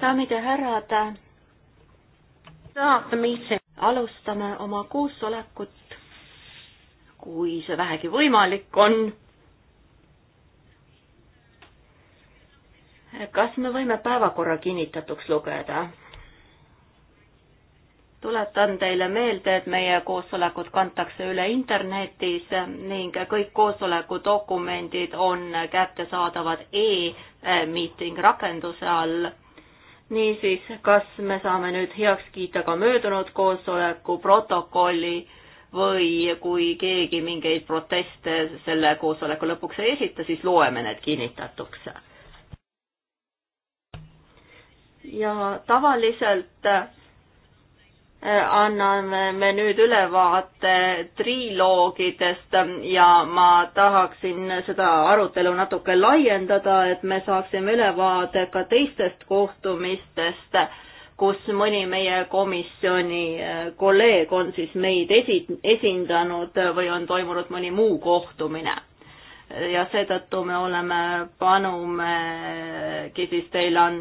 daamid ja härrad, alustame oma koosolekut, kui see vähegi võimalik on. kas me võime päevakorra kinnitatuks lugeda? tuletan teile meelde, et meie koosolekud kantakse üle internetis ning kõik koosoleku dokumendid on kättesaadavad e-meeting rakenduse all. niisiis, kas me saame nüüd heaks kiita ka möödunud koosoleku protokolli või kui keegi mingeid proteste selle koosoleku lõpuks ei esita, siis loeme need kinnitatuks. ja tavaliselt Äh, anname me nüüd ülevaate triloogidest ja ma tahaksin seda arutelu natuke laiendada, et me saaksime ülevaade ka teistest kohtumistest, kus mõni meie komisjoni äh, kolleeg on siis meid esi-, esindanud või on toimunud mõni muu kohtumine ja seetõttu me oleme, panumegi siis teile on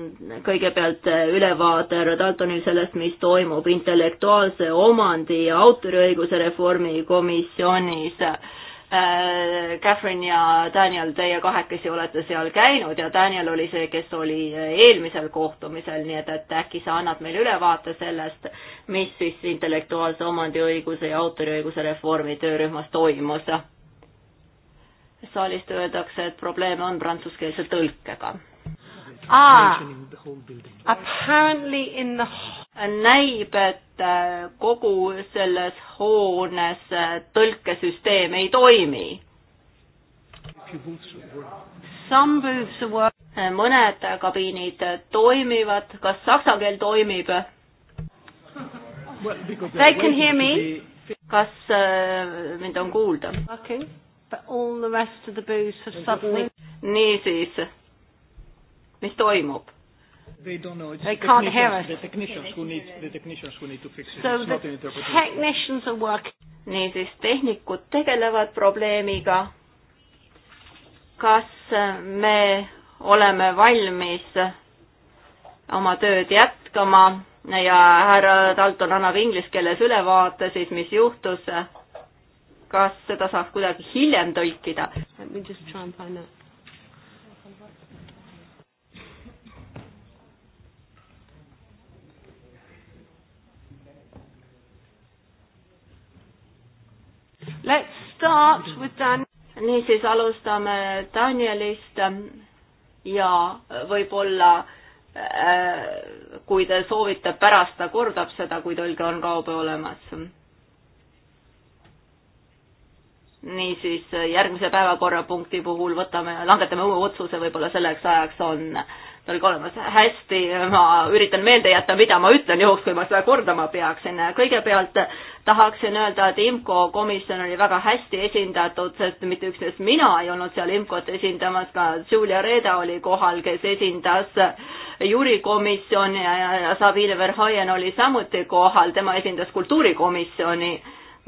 kõigepealt ülevaade Redaltonil sellest, mis toimub intellektuaalse omandi ja autoriõiguse reformi komisjonis. Äh, Catherine ja Daniel, teie kahekesi olete seal käinud ja Daniel oli see, kes oli eelmisel kohtumisel, nii et, et äkki sa annad meile ülevaate sellest, mis siis intellektuaalse omandiõiguse ja autoriõiguse reformi töörühmas toimus saalist öeldakse, et probleeme on prantsuskeelse tõlkega. Ah, apparently in the näib, et äh, kogu selles hoones äh, tõlkesüsteem ei toimi. mõned kabiinid toimivad, kas saksa keel toimib? kas äh, mind on kuulda okay.? but all the rest of the booze have suddenly... niisiis, mis toimub? They don't know. It's they the can't hear us. The technicians who need the technicians who need to fix it. So it's not an interpretation. technicians are working. niisiis, tehnikud tegelevad probleemiga. kas äh, me oleme valmis äh, oma tööd jätkama ja härra Dalton annab inglise keeles ülevaate siis, mis juhtus kas seda saab kuidagi hiljem tõlkida? Let's start with Dan. niisiis alustame Danielist ja võib-olla äh, kui te soovite, pärast ta kordab seda, kui tõlge on kaube olemas niisiis järgmise päevakorrapunkti puhul võtame, langetame uue otsuse, võib-olla selleks ajaks on ta oli olemas. hästi, ma üritan meelde jätta, mida ma ütlen, juhuks kui ma seda kordama peaksin. kõigepealt tahaksin öelda, et IMCO komisjon oli väga hästi esindatud, sest mitte üksnes mina ei olnud seal IMCO-t esindamas, ka Julia Reeda oli kohal, kes esindas juurikomisjoni ja Sabine Verhoien oli samuti kohal, tema esindas kultuurikomisjoni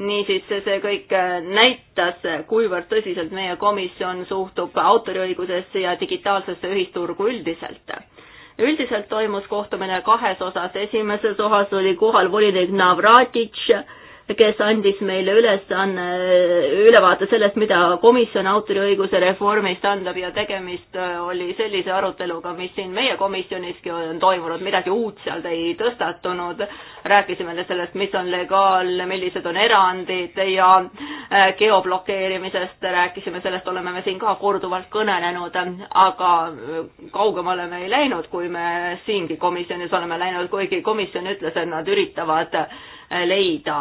niisiis see kõik äh, näitas, kuivõrd tõsiselt meie komisjon suhtub autoriõigusesse ja digitaalsesse ühisturgu üldiselt. üldiselt toimus kohtumine kahes osas, esimeses osas oli kohal volinik Navratitš kes andis meile ülesanne, ülevaate sellest, mida komisjon autoriõiguse reformist andab ja tegemist äh, oli sellise aruteluga, mis siin meie komisjoniski on toimunud, midagi uut seal ei tõstatunud. rääkisime sellest, mis on legaalne, millised on erandid ja äh, geoblokeerimisest rääkisime, sellest oleme me siin ka korduvalt kõnelenud, aga äh, kaugemale me ei läinud, kui me siingi komisjonis oleme läinud, kuigi komisjon ütles, et nad üritavad leida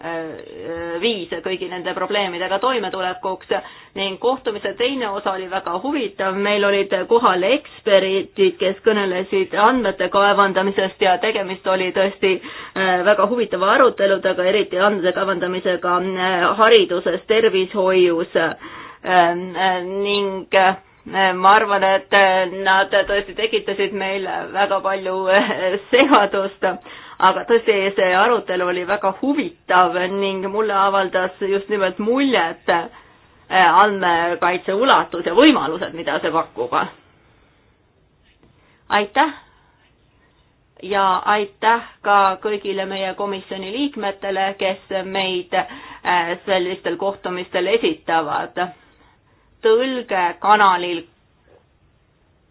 Äh, viis kõigi nende probleemidega toimetulekuks ning kohtumise teine osa oli väga huvitav, meil olid kohal eksperdid, kes kõnelesid andmete kaevandamisest ja tegemist oli tõesti äh, väga huvitava aruteludega, eriti andmete kaevandamisega äh, hariduses, tervishoius ning ma arvan, et nad tõesti tekitasid meil väga palju segadust aga tõsi, see arutelu oli väga huvitav ning mulle avaldas just nimelt muljet eh, andmekaitse ulatus ja võimalused, mida see pakub. aitäh ja aitäh ka kõigile meie komisjoni liikmetele, kes meid eh, sellistel kohtumistel esitavad. tõlge kanalil,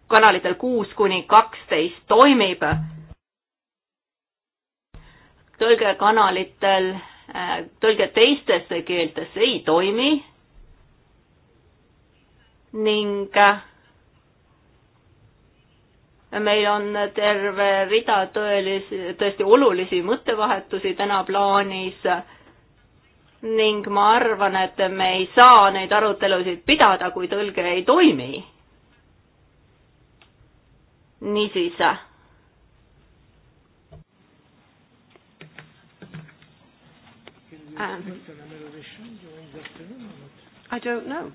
kanalitel kuus kuni kaksteist toimib tõlgekanalitel äh, tõlge teistesse keeltesse ei toimi ning äh, meil on terve rida tõelisi, tõesti olulisi mõttevahetusi täna plaanis ning ma arvan, et me ei saa neid arutelusid pidada, kui tõlge ei toimi. niisiis äh, Um, I don't know.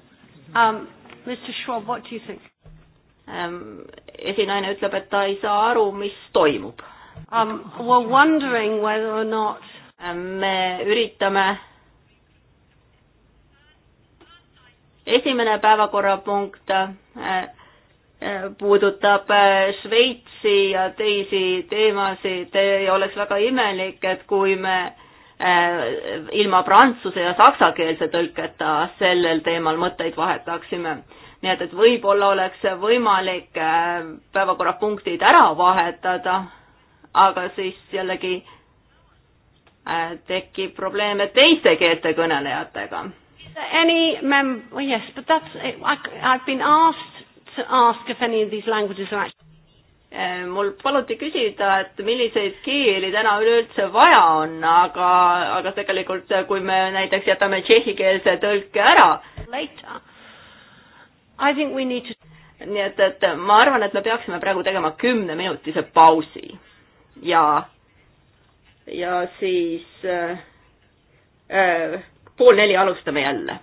Um, Mr Schwab, what do you think? Um, esinaine ütleb, et ta ei saa aru, mis toimub. Um, we're wondering whether or not um, me üritame esimene päevakorrapunkt äh, äh, puudutab äh, Šveitsi ja teisi teemasid, ei oleks väga imelik, et kui me Äh, ilma prantsuse ja saksakeelse tõlketa sellel teemal mõtteid vahetaksime. nii et, et võib-olla oleks võimalik äh, päevakorrapunktid ära vahetada, aga siis jällegi äh, tekib probleeme teiste keelte kõnelejatega. Any mem-, oh yes, but that's, I have been asked to ask if any of these languages are actually Äh, mul paluti küsida, et milliseid keeli täna üleüldse vaja on, aga, aga tegelikult äh, kui me näiteks jätame tšehhikeelse tõlke ära. To... nii et, et ma arvan, et me peaksime praegu tegema kümneminutise pausi ja, ja siis äh, äh, pool neli alustame jälle.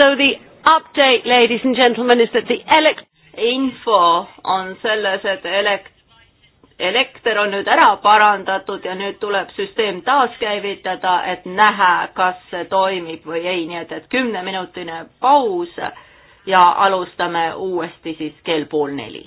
So the update, ladies and gentlemen, is that the elect-... info on selles, et elekt-, elekter on nüüd ära parandatud ja nüüd tuleb süsteem taaskäivitada, et näha, kas see toimib või ei, nii et, et kümneminutine paus ja alustame uuesti siis kell pool neli.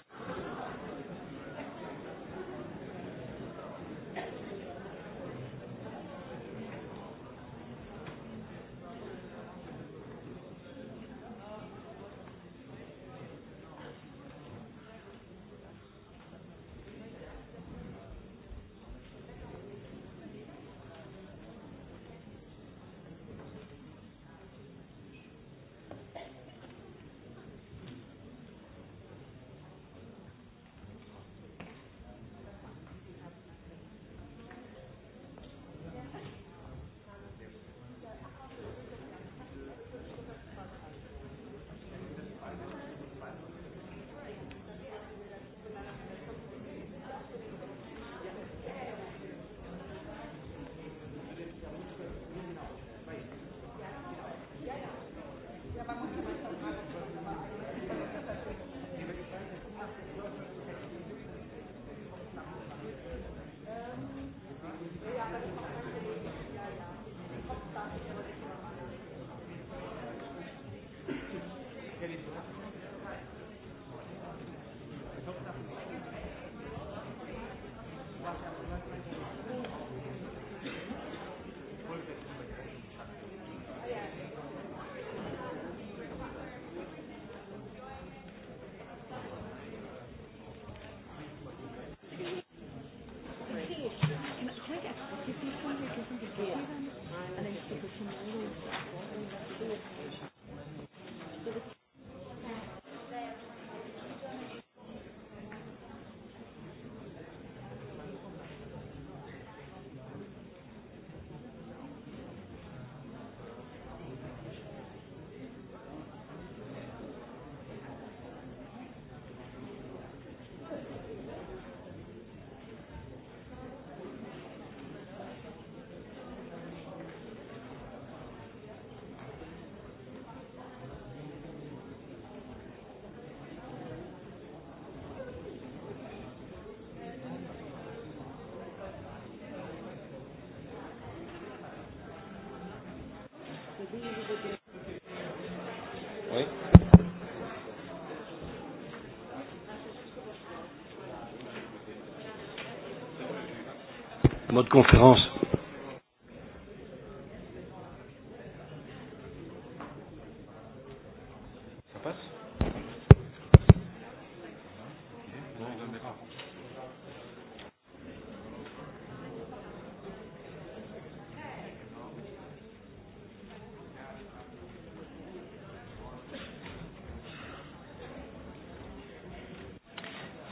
votre conférence.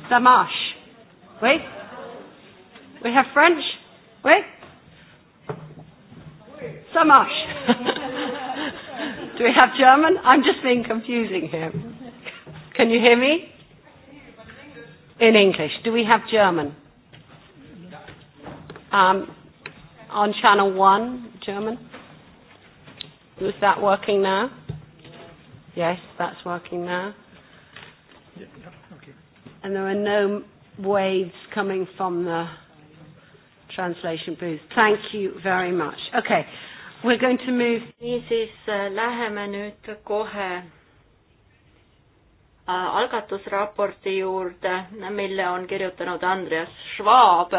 Damash. Wait. We have French. so much. Do we have German? I'm just being confusing here. Can you hear me? In English. Do we have German? Um, on channel one, German. Is that working now? Yes, that's working now. Yeah, yeah, okay. And there are no waves coming from the translation booth. Thank you very much. Okay, We're going to move. niisiis äh, läheme nüüd kohe äh, algatusraporti juurde, mille on kirjutanud Andreas Schwab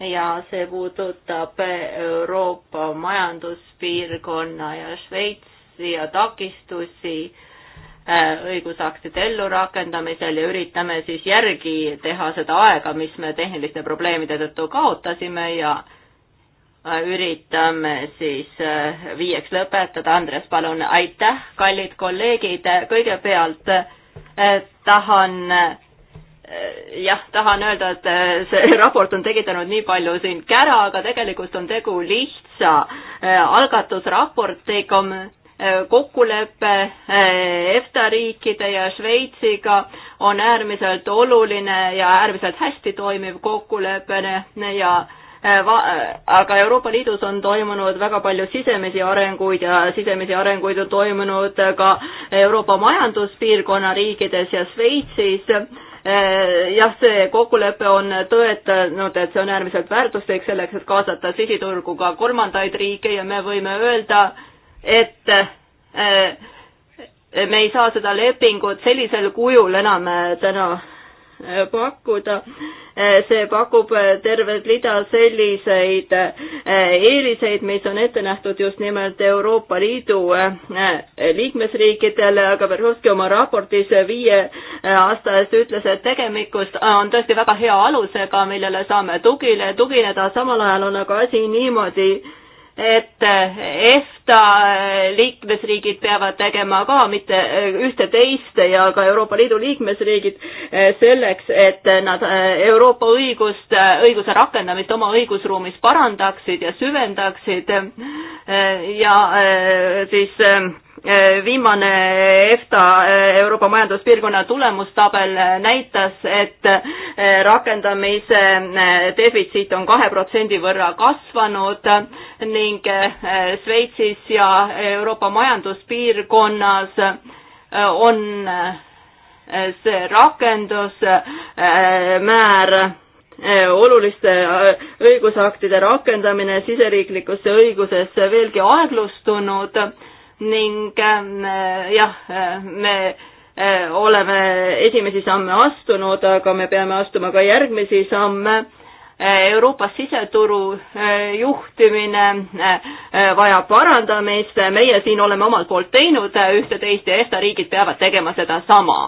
ja see puudutab Euroopa Majanduspiirkonna ja Šveitsi ja takistusi äh, õigusaktide ellurakendamisel ja üritame siis järgi teha seda aega, mis me tehniliste probleemide tõttu kaotasime ja üritame siis äh, viieks lõpetada. Andres, palun, aitäh, kallid kolleegid, kõigepealt äh, tahan äh, jah, tahan öelda, et see raport on tekitanud nii palju siin kära, aga tegelikult on tegu lihtsa algatusraportiga, kokkulepe EFTA riikide ja Šveitsiga on äärmiselt oluline ja äärmiselt hästi toimiv kokkulepe ja Äh, äh, aga Euroopa Liidus on toimunud väga palju sisemisi arenguid ja sisemisi arenguid on toimunud ka Euroopa Majanduspiirkonna riikides ja Šveitsis äh, jah, see kokkulepe on tõetanud, et see on äärmiselt väärtuslik selleks, et kaasata sihiturgu ka kolmandaid riike ja me võime öelda, et me ei saa seda lepingut sellisel kujul enam täna pakkuda. see pakub tervet rida selliseid eh, eeliseid, mis on ette nähtud just nimelt Euroopa Liidu eh, liikmesriikidele, aga Verhovski oma raportis viie eh, aasta eest ütles, et tegemikust on tõesti väga hea alusega, millele saame tugile, tugineda, samal ajal on aga asi niimoodi, et EFTA liikmesriigid peavad tegema ka mitte ühte-teist ja ka Euroopa Liidu liikmesriigid eh, selleks, et nad eh, Euroopa õigust, eh, õiguse rakendamist oma õigusruumis parandaksid ja süvendaksid ja siis Äh, viimane EFTA äh, Euroopa Majanduspiirkonna tulemustabel äh, näitas, et rakendamise defitsiit on kahe protsendi võrra kasvanud ning Šveitsis ja Euroopa Majanduspiirkonnas on see rakendusmäär oluliste õigusaktide rakendamine siseriiklikusse õigusesse veelgi aeglustunud ning äh, jah, äh, me äh, oleme esimesi samme astunud, aga me peame astuma ka järgmisi samme. Euroopas siseturu juhtimine vajab parandamist, meie siin oleme omalt poolt teinud ühte-teist ja EFTA riigid peavad tegema sedasama.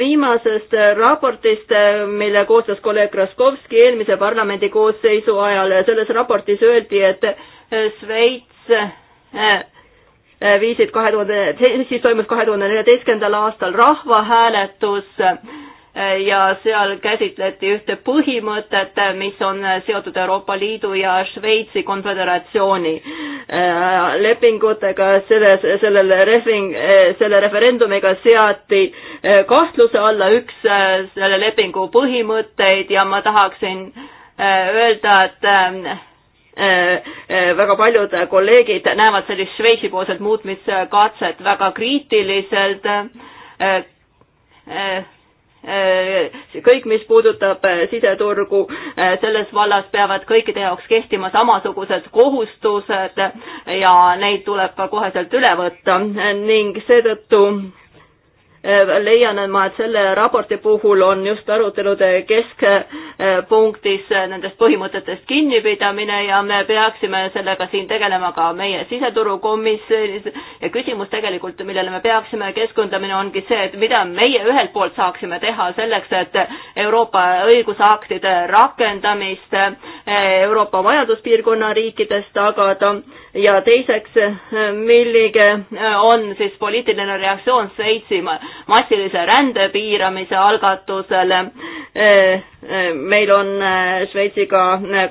viimasest raportist, mille koostas kolleeg Raskovski eelmise parlamendi koosseisu ajal, selles raportis öeldi, et Šveits Äh, äh, viisid kahe tuhande, siis toimus kahe tuhande neljateistkümnendal aastal rahvahääletus äh, ja seal käsitleti ühte põhimõtet, mis on seotud Euroopa Liidu ja Šveitsi konföderatsiooni lepingutega, selle, sellel refing, selle referendumiga seati kahtluse alla üks selle lepingu põhimõtteid ja ma tahaksin öelda, et Äh, äh, väga paljud kolleegid näevad sellist Šveitsi poolset muutmiskatset väga kriitiliselt. Äh, kõik, mis puudutab sideturgu, selles vallas peavad kõikide jaoks kehtima samasugused kohustused ja neid tuleb ka koheselt üle võtta ning seetõttu Äh, leian ma, et selle raporti puhul on just arutelude keskpunktis äh, nendest põhimõtetest kinnipidamine ja me peaksime sellega siin tegelema ka meie siseturukomisjonis ja küsimus tegelikult, millele me peaksime keskendumine, ongi see, et mida meie ühelt poolt saaksime teha selleks, et Euroopa õigusaktide rakendamist äh, Euroopa majanduspiirkonna riikides tagada ja teiseks, milline on siis poliitiline reaktsioon Šveitsi massilise rände piiramise algatusele. meil on Šveitsiga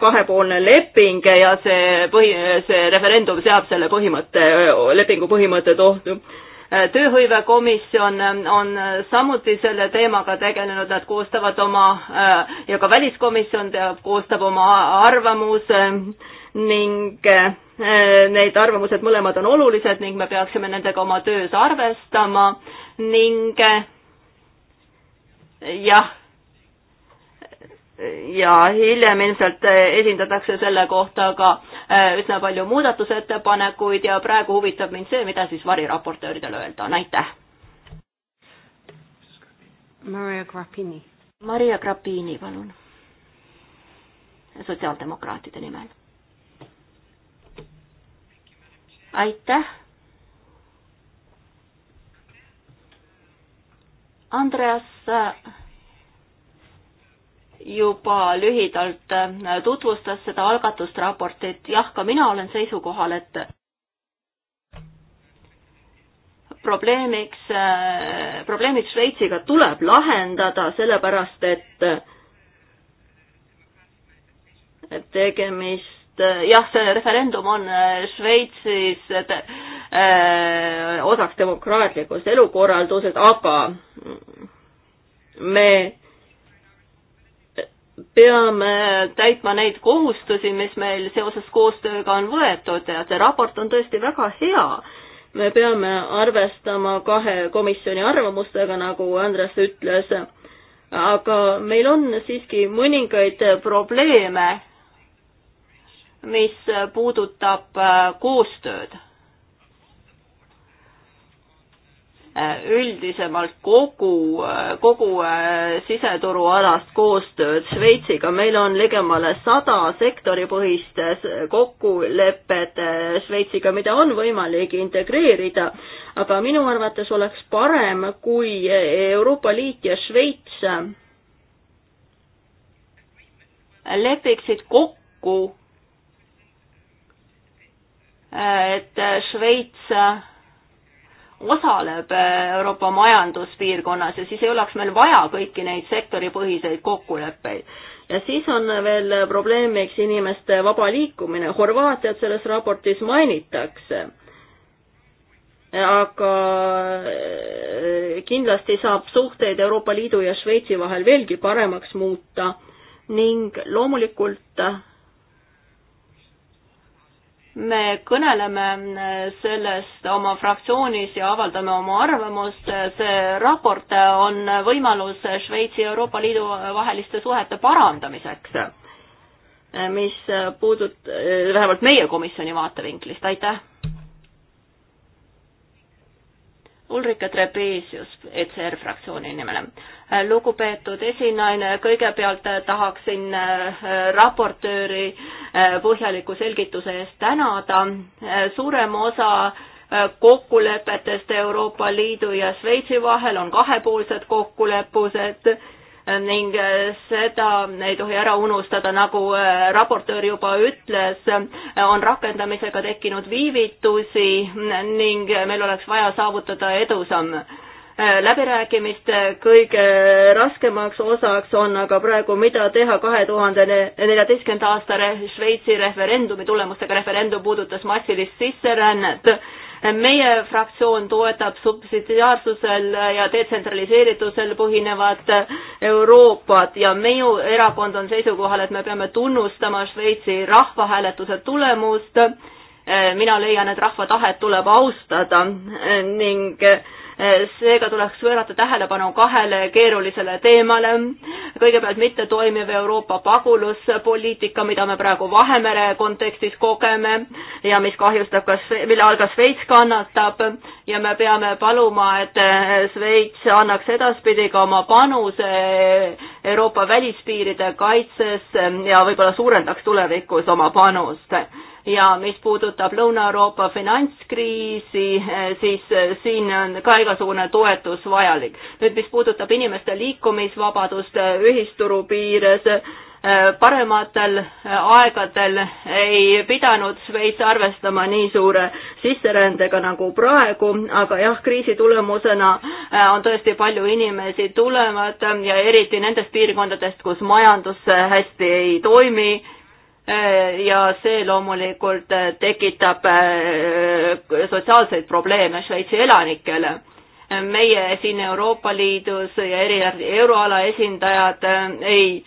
kahepoolne leping ja see põhi, see referendum seab selle põhimõtte, lepingu põhimõtted ohtu tööhõivekomisjon on samuti selle teemaga tegelenud, nad koostavad oma ja ka väliskomisjon teab, koostab oma arvamuse ning äh, need arvamused mõlemad on olulised ning me peaksime nendega oma töös arvestama ning äh, jah, ja hiljem ilmselt esindatakse selle kohta ka äh, üsna palju muudatusettepanekuid ja praegu huvitab mind see, mida siis variraportööridel öelda on, aitäh. Maria Grappini. Maria Grappini, palun. sotsiaaldemokraatide nimel aitäh. Andreas juba lühidalt äh, tutvustas seda algatust raportit, jah, ka mina olen seisukohal, et probleemiks, äh, probleemid Šveitsiga tuleb lahendada, sellepärast et tegemist Eh, jah, see referendum on eh, Šveitsis eh, osaks demokraatlikust elukorraldusest, aga me peame täitma neid kohustusi, mis meil seoses koostööga on võetud ja see raport on tõesti väga hea. me peame arvestama kahe komisjoni arvamustega, nagu Andres ütles, aga meil on siiski mõningaid probleeme mis puudutab äh, koostööd. Äh, üldisemalt kogu, äh, kogu siseturualast koostööd Šveitsiga, meil on ligemale sada sektoripõhist kokkulepet Šveitsiga, mida on võimalik integreerida, aga minu arvates oleks parem, kui Euroopa Liit ja Šveits lepiksid kokku Äh, et äh, Šveits äh, osaleb Euroopa majanduspiirkonnas ja siis ei oleks meil vaja kõiki neid sektoripõhiseid kokkuleppeid. ja siis on veel probleemiks inimeste vaba liikumine, Horvaatiat selles raportis mainitakse. aga kindlasti saab suhteid Euroopa Liidu ja Šveitsi vahel veelgi paremaks muuta ning loomulikult me kõneleme äh, sellest oma fraktsioonis ja avaldame oma arvamust. see raport on võimalus Šveitsi ja Euroopa Liidu vaheliste suhete parandamiseks, äh, mis puudut-, äh, vähemalt meie komisjoni vaatevinklist, aitäh! Ulrike Trebesius ECR fraktsiooni nimel. lugupeetud esinaine, kõigepealt tahaksin äh, raportööri äh, põhjaliku selgituse eest tänada. Äh, suurem osa kokkulepetest Euroopa Liidu ja Šveitsi vahel on kahepoolsed kokkuleppused ning äh, seda ei tohi ära unustada, nagu äh, raportöör juba ütles, äh, on rakendamisega tekkinud viivitusi ning meil oleks vaja saavutada edusamme läbirääkimiste kõige raskemaks osaks on aga praegu, mida teha kahe tuhande neljateistkümnenda aasta Šveitsi referendumi tulemustega, referendum puudutas massilist sisserännet meie fraktsioon toetab subsidiaarsusel ja detsentraliseeritusel põhinevat Euroopat ja meie erakond on seisukohal, et me peame tunnustama Šveitsi rahvahääletuse tulemust. mina leian, et rahva tahet tuleb austada ning seega tuleks pöörata tähelepanu kahele keerulisele teemale. kõigepealt mittetoimiv Euroopa pagulaspoliitika, mida me praegu Vahemere kontekstis kogeme ja mis kahjustab ka, mille all ka Šveits kannatab ja me peame paluma, et Šveits annaks edaspidi ka oma panuse Euroopa välispiiride kaitsesse ja võib-olla suurendaks tulevikus oma panust ja mis puudutab Lõuna-Euroopa finantskriisi, eh, siis eh, siin on ka igasugune toetus vajalik. nüüd, mis puudutab inimeste liikumisvabadust eh, ühisturu piires, parematel aegadel ei pidanud Šveits arvestama nii suure sisserändega nagu praegu, aga jah, kriisi tulemusena on tõesti palju inimesi tulevad ja eriti nendest piirkondadest, kus majandus hästi ei toimi Eh, ja see loomulikult eh, tekitab eh, sotsiaalseid probleeme Šveitsi elanikele. meie siin Euroopa Liidus ja erinevad euroala esindajad ei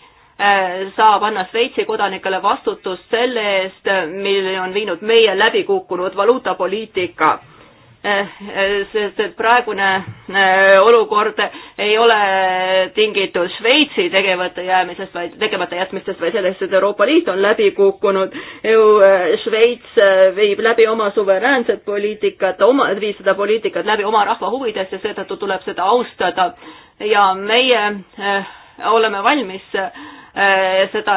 saa panna Šveitsi kodanikele vastutust selle eest, milline on viinud meie läbikukkunud valuutapoliitika Eh, eh, sest et praegune eh, olukord ei ole tingitud Šveitsi tegevate jäämisest, vaid tegemata jätmistest, vaid sellest, et Euroopa Liit on läbi kukkunud. Šveits viib läbi oma suveräänset poliitikat, oma, viib seda poliitikat läbi oma rahva huvides ja seetõttu tuleb seda austada ja meie oleme valmis äh, Eh, seda,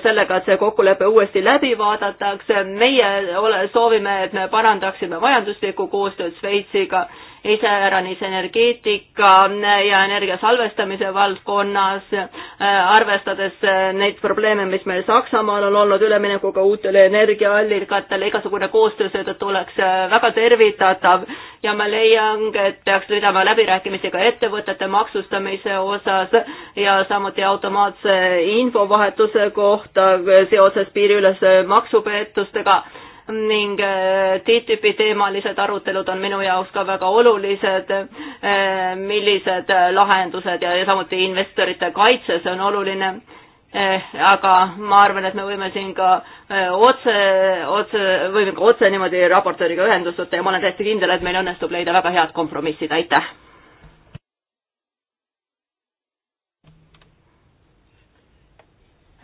sellega, et see kokkulepe uuesti läbi vaadatakse. meie ole, soovime, et me parandaksime majanduslikku koostööd Šveitsiga iseäranis energeetika ja energia salvestamise valdkonnas, äh, arvestades äh, neid probleeme, mis meil Saksamaal on olnud üleminekuga uutele energiaallikatele, igasugune koostöö seetõttu oleks äh, väga tervitatav ja ma leian, et peaks pidama läbirääkimisi ka ettevõtete maksustamise osas ja samuti automaatse infovahetuse kohta seoses piiriülese maksupeetustega ning äh, TTIP-i teemalised arutelud on minu jaoks ka väga olulised, äh, millised äh, lahendused ja samuti investorite kaitse, see on oluline aga ma arvan, et me võime siin ka otse, otse, võime ka otse niimoodi raportööriga ühendust võtta ja ma olen täiesti kindel, et meil õnnestub leida väga head kompromissid, aitäh!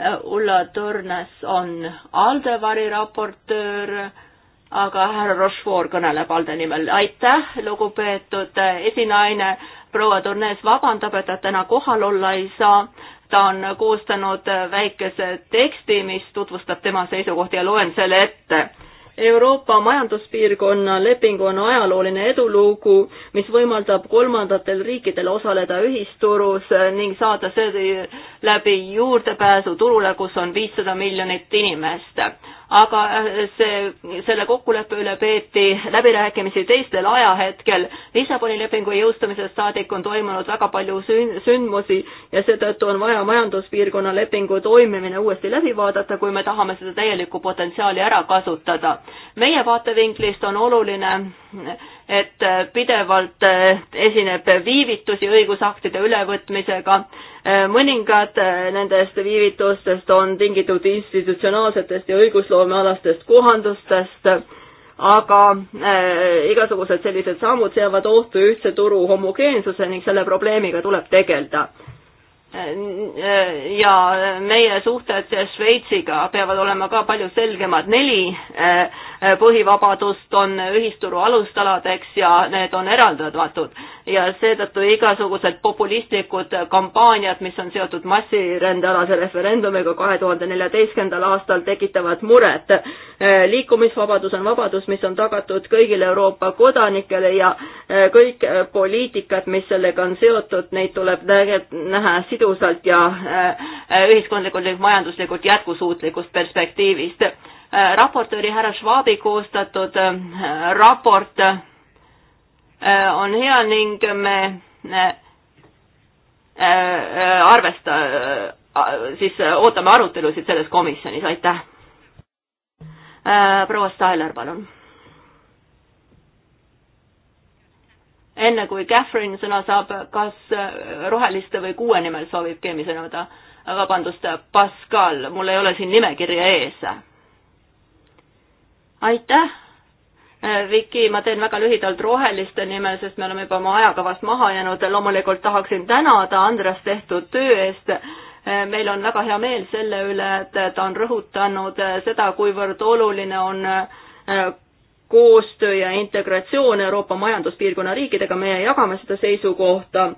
Äh, Ulla Tornes on ALDE variraportöör, aga härra Rochefort kõneleb ALDE nimel. aitäh, lugupeetud äh, esinaine, proua Tornes vabandab, et ta täna kohal olla ei saa. ta on koostanud äh, väikese teksti, mis tutvustab tema seisukohti ja loen selle ette Euroopa Majanduspiirkonna leping on ajalooline edulugu, mis võimaldab kolmandatel riikidel osaleda ühisturus ning saada seeläbi juurdepääsu turule, kus on viissada miljonit inimest aga äh, see, selle kokkuleppe üle peeti läbirääkimisi teistel ajahetkel. Lissaboni lepingu jõustumisest saadik on toimunud väga palju sünd, sündmusi ja seetõttu on vaja majanduspiirkonna lepingu toimimine uuesti läbi vaadata, kui me tahame seda täielikku potentsiaali ära kasutada. meie vaatevinklist on oluline, et pidevalt äh, esineb viivitusi õigusaktide ülevõtmisega Eh, mõningad eh, nendest viivitustest on tingitud institutsionaalsetest ja õigusloomealastest kohandustest, aga eh, igasugused sellised sammud seavad ohtu ühtse turu homogeensuse ning selle probleemiga tuleb tegeleda ja meie suhted Šveitsiga peavad olema ka palju selgemad. neli põhivabadust on ühisturu alustaladeks ja need on eraldatud ja seetõttu igasugused populistlikud kampaaniad, mis on seotud massirändealase referendumiga kahe tuhande neljateistkümnendal aastal, tekitavad muret. liikumisvabadus on vabadus, mis on tagatud kõigile Euroopa kodanikele ja kõik poliitikad, mis sellega on seotud, neid tuleb näha sidusalt ja äh, ühiskondlikult ning majanduslikult jätkusuutlikust perspektiivist. Äh, raportööri härra Schwabi koostatud äh, raport Äh, on hea ning me äh, äh, arvesta-, siis ootame arutelusid selles komisjonis, aitäh. proua Stailer, palun. enne kui Catherine sõna saab, kas roheliste või kuue nimel soovib keegi sõnada? vabandust, Pascal, mul ei ole siin nimekirja ees. aitäh Äh, Viki, ma teen väga lühidalt roheliste nimel, sest me oleme juba oma ajakavast maha jäänud. loomulikult tahaksin tänada Andres tehtud töö eest. Äh, meil on väga hea meel selle üle, et ta on rõhutanud äh, seda, kuivõrd oluline on koostöö ja integratsioon Euroopa Majanduspiirkonna riikidega, me jagame seda seisukohta.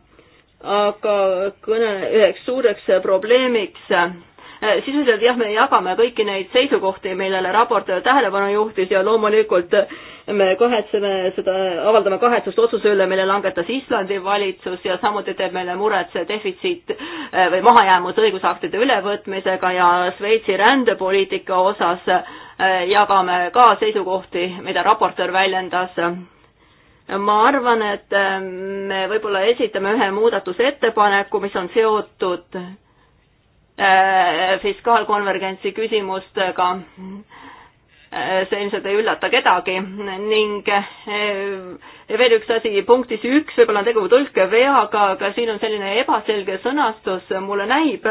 aga kõne üheks suureks probleemiks Äh, sisuliselt jah, me jagame kõiki neid seisukohti, millele raportöör tähelepanu juhtis ja loomulikult äh, me kahetseme seda, avaldame kahetsust otsuse üle, mille langetas Islandi valitsus ja samuti teeb meile muret see defitsiit äh, või mahajäämus õigusaktide ülevõtmisega ja Šveitsi rändepoliitika osas jagame ka seisukohti, mida raportöör väljendas ma arvan, et me võib-olla esitame ühe muudatusettepaneku, mis on seotud äh, Äh, fiskaalkonvergentsi küsimustega. Äh, see ilmselt ei üllata kedagi ning äh, veel üks asi, punktis üks, võib-olla on tegu tõlkeveaga, aga siin on selline ebaselge sõnastus, mulle näib,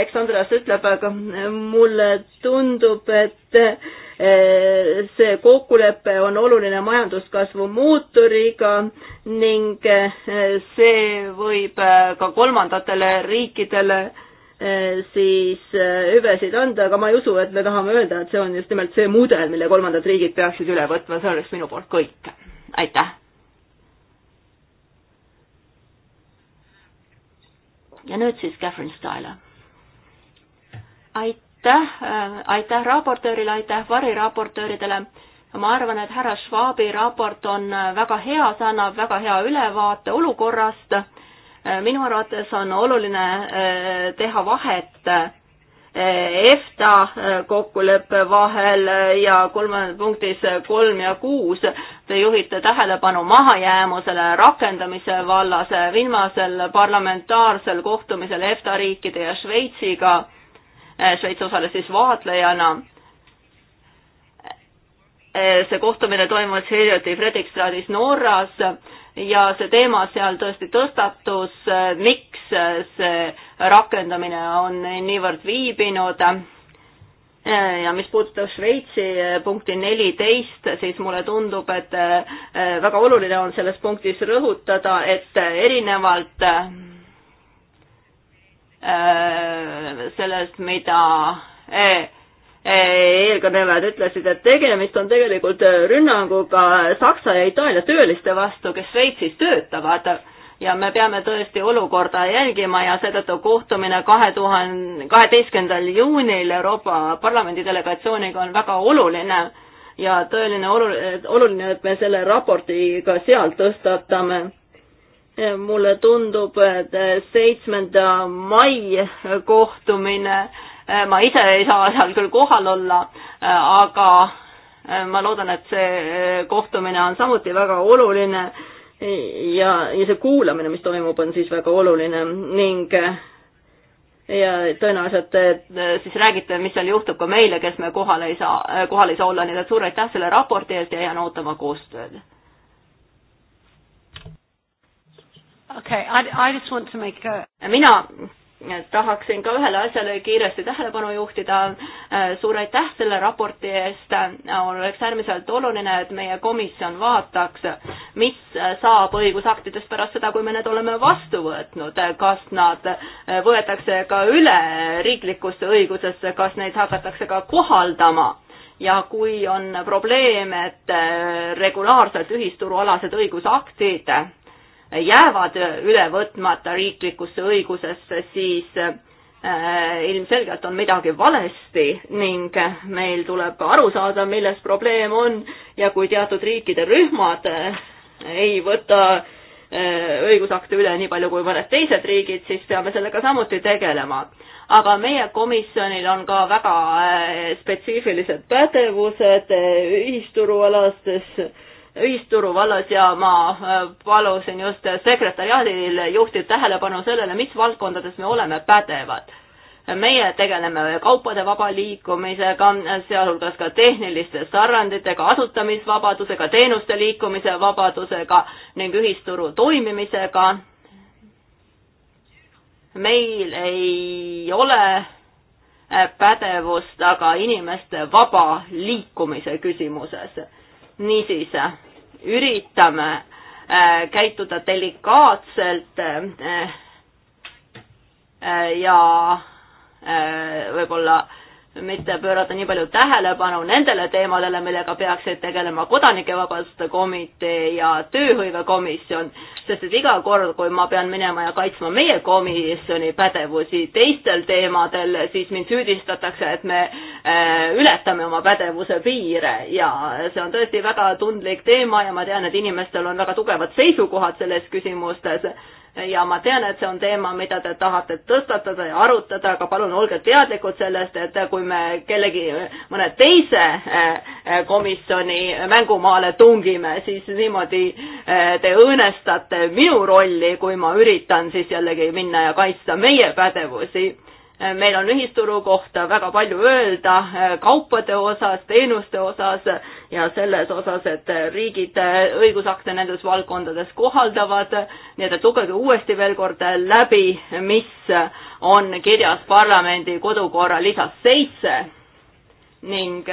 eks Andres ütleb, aga mulle tundub, et see kokkulepe on oluline majanduskasvu mootoriga ning see võib ka kolmandatele riikidele Eh, siis eh, hüvesid anda, aga ma ei usu, et me tahame öelda, et see on just nimelt see mudel, mille kolmandad riigid peaksid üle võtma, see oleks minu poolt kõik. aitäh. ja nüüd siis Catherine Styler. aitäh, eh, aitäh raportöörile, aitäh variraportööridele. ma arvan, et härra Schwabi raport on väga hea, see annab väga hea ülevaate olukorrast Äh, minu arvates on oluline äh, teha vahet äh, EFTA kokkuleppe vahel ja kolmandas punktis kolm ja kuus te juhite tähelepanu mahajäämusele rakendamise vallas viimasel parlamentaarsel kohtumisel EFTA riikide ja Šveitsiga. Šveits osales siis vaatlejana see kohtumine toimus hiljuti Fredrikstadis Norras ja see teema seal tõesti tõstatus, miks see rakendamine on niivõrd viibinud. ja mis puudutab Šveitsi punkti neliteist, siis mulle tundub, et eh, väga oluline on selles punktis rõhutada, et erinevalt eh, sellest, mida eh, eelkõnelejad ütlesid, et tegemist on tegelikult äh, rünnanguga Saksa ja Itaalia tööliste vastu, kes Šveitsis töötavad ja me peame tõesti olukorda jälgima ja seetõttu kohtumine kahe tuhande, kaheteistkümnendal juunil Euroopa Parlamendi delegatsiooniga on väga oluline ja tõeline oluline, oluline, et me selle raporti ka seal tõstatame. mulle tundub, et seitsmenda mai kohtumine Äh, ma ise ei saa seal küll kohal olla, äh, aga äh, ma loodan, et see kohtumine on samuti väga oluline ja, ja see kuulamine, mis toimub, on siis väga oluline ning ja tõenäoliselt siis räägite, mis seal juhtub ka meile, kes me kohal ei saa, kohal ei saa olla, nii et suur aitäh selle raporti eest ja jään ootama koostööd. okei okay,, I, I just want to make a mina tahaksin ka ühele asjale kiiresti tähelepanu juhtida. Äh, suur aitäh selle raporti eest. Äh, oleks äärmiselt oluline, et meie komisjon vaataks, mis saab õigusaktidest pärast seda, kui me need oleme vastu võtnud. kas nad võetakse ka üle riiklikusse õigusesse, kas neid hakatakse ka kohaldama? ja kui on probleem, et äh, regulaarselt ühisturualased õigusaktid jäävad üle võtmata riiklikusse õigusesse, siis äh, ilmselgelt on midagi valesti ning meil tuleb aru saada, milles probleem on ja kui teatud riikide rühmad äh, ei võta äh, õigusakte üle nii palju kui mõned teised riigid, siis peame sellega samuti tegelema. aga meie komisjonil on ka väga spetsiifilised pädevused ühisturualastes ühisturu vallas ja ma äh, palusin just sekretäriaadil juhtida tähelepanu sellele, mis valdkondades me oleme pädevad. meie tegeleme kaupade vaba liikumisega, sealhulgas ka tehniliste sarnanditega, asutamisvabadusega, teenuste liikumise vabadusega ning ühisturu toimimisega. meil ei ole äh, pädevust, aga inimeste vaba liikumise küsimuses. niisiis, äh, üritame äh, käituda delikaatselt äh, äh, ja võib-olla äh, mitte pöörata nii palju tähelepanu nendele teemadele, millega peaksid tegelema kodanikevabaduste komitee ja tööhõivekomisjon, sest et iga kord, kui ma pean minema ja kaitsma meie komisjoni pädevusi teistel teemadel, siis mind süüdistatakse, et me äh, ületame oma pädevuse piire ja see on tõesti väga tundlik teema ja ma tean, et inimestel on väga tugevad seisukohad selles küsimustes ja ma tean, et see on teema, mida te tahate tõstatada ja arutada, aga palun olge teadlikud sellest, et kui me kellegi, mõne teise eh, komisjoni mängumaale tungime, siis niimoodi eh, te õõnestate minu rolli, kui ma üritan siis jällegi minna ja kaitsta meie pädevusi eh, meil on ühisturu kohta väga palju öelda kaupade osas, teenuste osas ja selles osas, et riigid õigusakte nendes valdkondades kohaldavad, nii et, et lugege uuesti veel kord läbi, mis on kirjas parlamendi kodukorra lisas seitse ning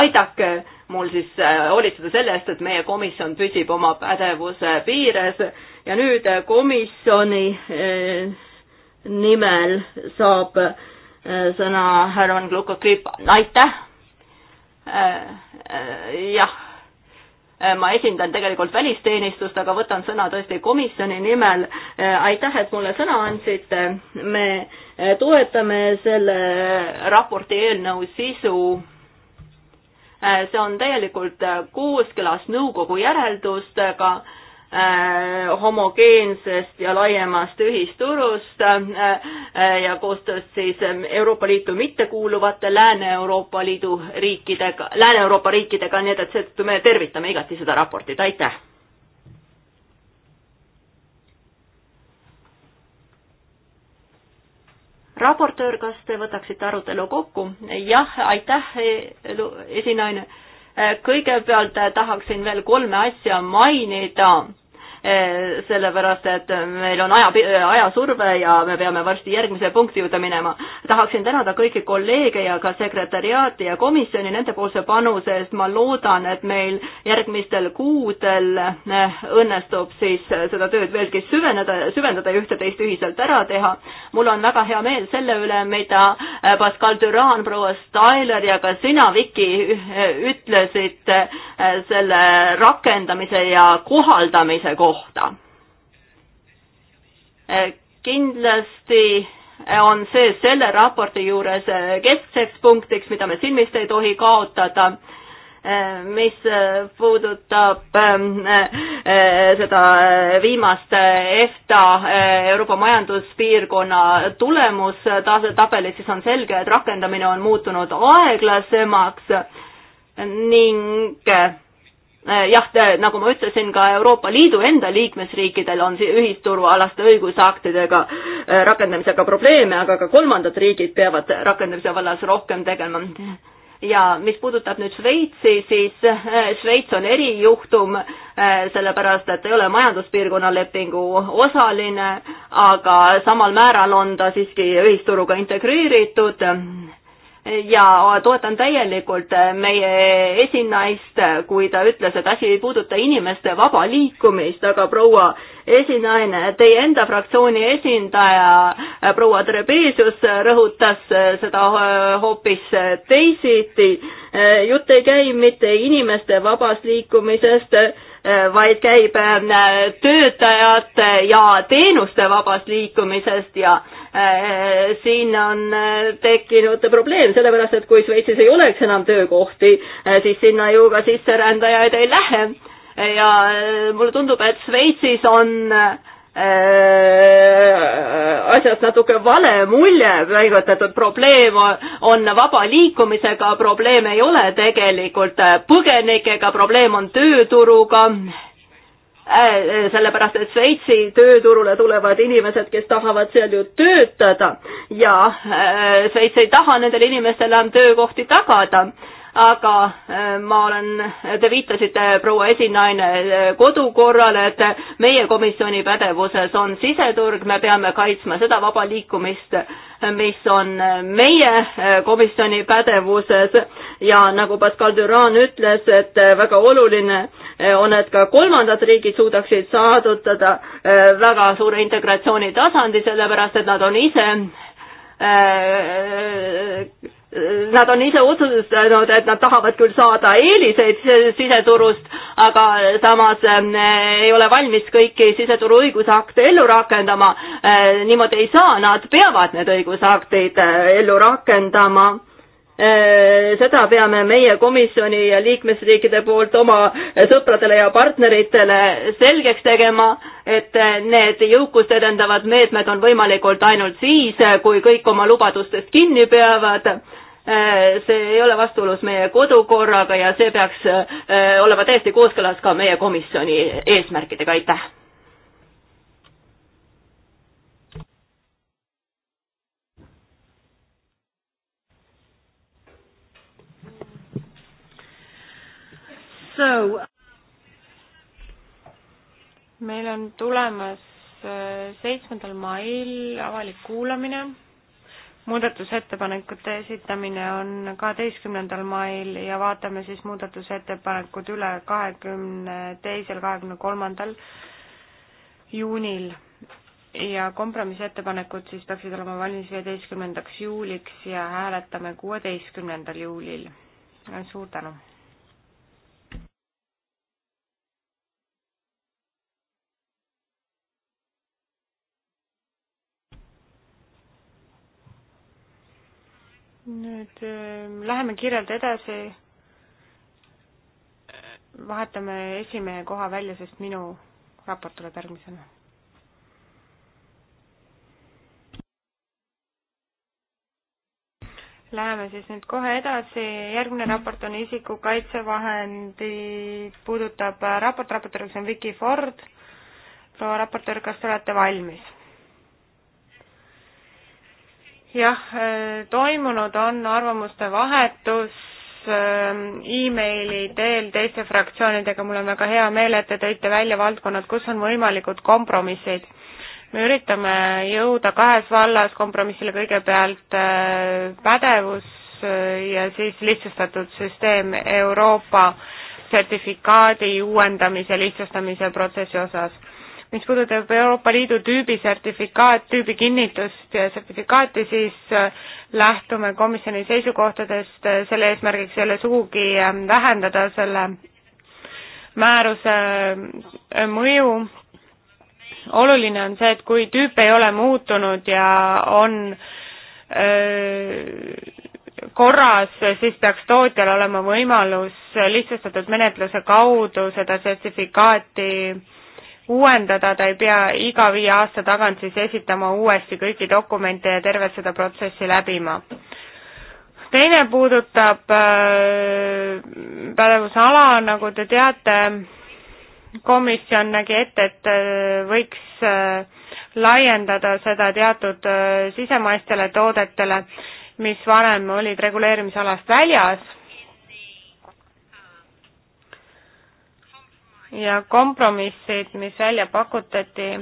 aidake mul siis äh, hoolitseda selle eest, et meie komisjon püsib oma pädevuse piires ja nüüd komisjoni äh, nimel saab äh, sõna härra Van Glukokliip, aitäh Äh, äh, jah, äh, ma esindan tegelikult välisteenistust, aga võtan sõna tõesti komisjoni nimel. aitäh, et mulle sõna andsite. me toetame selle raporti eelnõu sisu. see on täielikult kooskõlas nõukogu järeldustega Äh, homogeensest ja laiemast ühisturust äh, äh, ja koostöös siis ähm, Euroopa Liitu mittekuuluvate Lääne-Euroopa Liidu riikidega, Lääne-Euroopa riikidega, nii et, et seetõttu me tervitame igati seda raportit, aitäh! raportöör, kas te võtaksite arutelu kokku? jah, aitäh, esinaine kõigepealt tahaksin veel kolme asja mainida. Eh, sellepärast et meil on aja, ajasurve ja me peame varsti järgmise punkti juurde minema. tahaksin tänada kõiki kolleege ja ka sekretäriaati ja komisjoni nendepoolse panuse eest, ma loodan, et meil järgmistel kuudel eh, õnnestub siis seda tööd veelgi süveneda, süvendada ja ühte-teist ühiselt ära teha. mul on väga hea meel selle üle, mida eh, Pascal Duran, proua Styler ja ka sina, Viki, ütlesid selle rakendamise ja kohaldamise kohta kohta. Eh, kindlasti on see selle raporti juures eh, keskseks punktiks, mida me silmist ei tohi kaotada eh, mis puudutab seda viimast EFTA Euroopa Majanduspiirkonna tulemustabelit, siis on selge, et rakendamine on muutunud aeglasemaks ning Äh, jah, nagu ma ütlesin, ka Euroopa Liidu enda liikmesriikidel on ühisturualaste õigusaktidega äh, rakendamisega probleeme, aga ka kolmandad riigid peavad rakendamise vallas rohkem tegema ja mis puudutab nüüd Šveitsi, siis äh, Šveits on erijuhtum, sellepärast et ei ole majanduspiirkonna lepingu osaline, aga samal määral on ta siiski ühisturuga integreeritud ja toetan täielikult meie esinaist, kui ta ütles, et asi ei puuduta inimeste vaba liikumist, aga proua esinaine, teie enda fraktsiooni esindaja proua Trebesius rõhutas seda hoopis teisiti. jutt ei käi mitte inimeste vabast liikumisest, vaid käib töötajate ja teenuste vabast liikumisest ja Äh, siin on äh, tekkinud probleem, sellepärast et kui Šveitsis ei oleks enam töökohti, äh, siis sinna ju ka sisserändajaid ei lähe. ja mulle tundub, et Šveitsis on asjast natuke vale mulje paigutatud, probleem on vaba liikumisega, probleem ei ole tegelikult põgenikega, probleem on tööturuga Äh, äh, sellepärast et Šveitsi tööturule tulevad inimesed, kes tahavad seal ju töötada ja äh, Šveits ei taha nendele inimestele enam töökohti tagada. aga ma olen, te viitasite, proua esinaine, kodukorrale, et meie komisjoni pädevuses on siseturg, me peame kaitsma seda vaba liikumist, mis on meie komisjoni pädevuses ja nagu Pascal Duran ütles, et väga oluline Eh, on, et ka kolmandad riigid suudaksid saavutada eh, väga suure integratsiooni tasandi, sellepärast et nad on ise eh, Nad on ise otsustanud, et nad tahavad küll saada eeliseid siseturust, aga samas ei ole valmis kõiki siseturu õigusakte ellu rakendama. niimoodi ei saa, nad peavad need õigusaktid ellu rakendama Äh, seda peame meie komisjoni ja liikmesriikide poolt oma sõpradele ja partneritele selgeks tegema, et need jõukust edendavad meetmed on võimalikult ainult siis, kui kõik oma lubadustest kinni peavad. Äh, see ei ole vastuolus meie kodukorraga ja see peaks äh, olema täiesti kooskõlas ka meie komisjoni eesmärkidega, aitäh So. meil on tulemas äh, seitsmendal mail avalik kuulamine. muudatusettepanekute esitamine on kaheteistkümnendal mail ja vaatame siis muudatusettepanekud üle kahekümne teisel, kahekümne kolmandal juunil ja kompromissettepanekud siis peaksid olema valmis viieteistkümnendaks juuliks ja hääletame kuueteistkümnendal juulil. suur tänu! nüüd ähm, läheme kirjalt edasi. vahetame esimehe koha välja, sest minu raport tuleb järgmisena. Läheme siis nüüd kohe edasi, järgmine raport on isikukaitsevahendid, puudutab raport, raportööriks on Vicky Ford. proua raportöör, kas te olete valmis? jah, eh, toimunud on arvamuste vahetus eh, emaili teel teiste fraktsioonidega, mul on väga hea meel, et te tõite välja valdkonnad, kus on võimalikud kompromissid. me üritame jõuda kahes vallas kompromissile, kõigepealt eh, pädevus ja siis lihtsustatud süsteem Euroopa sertifikaadi uuendamise lihtsustamise protsessi osas mis puudutab Euroopa Liidu tüübi sertifikaat, tüübi kinnitust ja sertifikaati, siis äh, lähtume komisjoni seisukohtadest, äh, selle eesmärgiks ei ole sugugi ähm, vähendada selle määruse äh, mõju. oluline on see, et kui tüüp ei ole muutunud ja on öö, korras, siis peaks tootjal olema võimalus lihtsustatud menetluse kaudu seda sertifikaati uuendada, ta ei pea iga viie aasta tagant siis esitama uuesti kõiki dokumente ja tervet seda protsessi läbima. teine puudutab äh, pädevusala, nagu te teate, komisjon nägi ette, et äh, võiks äh, laiendada seda teatud sisemaistele toodetele, mis varem olid reguleerimisalast väljas ja kompromissid, mis välja pakutati,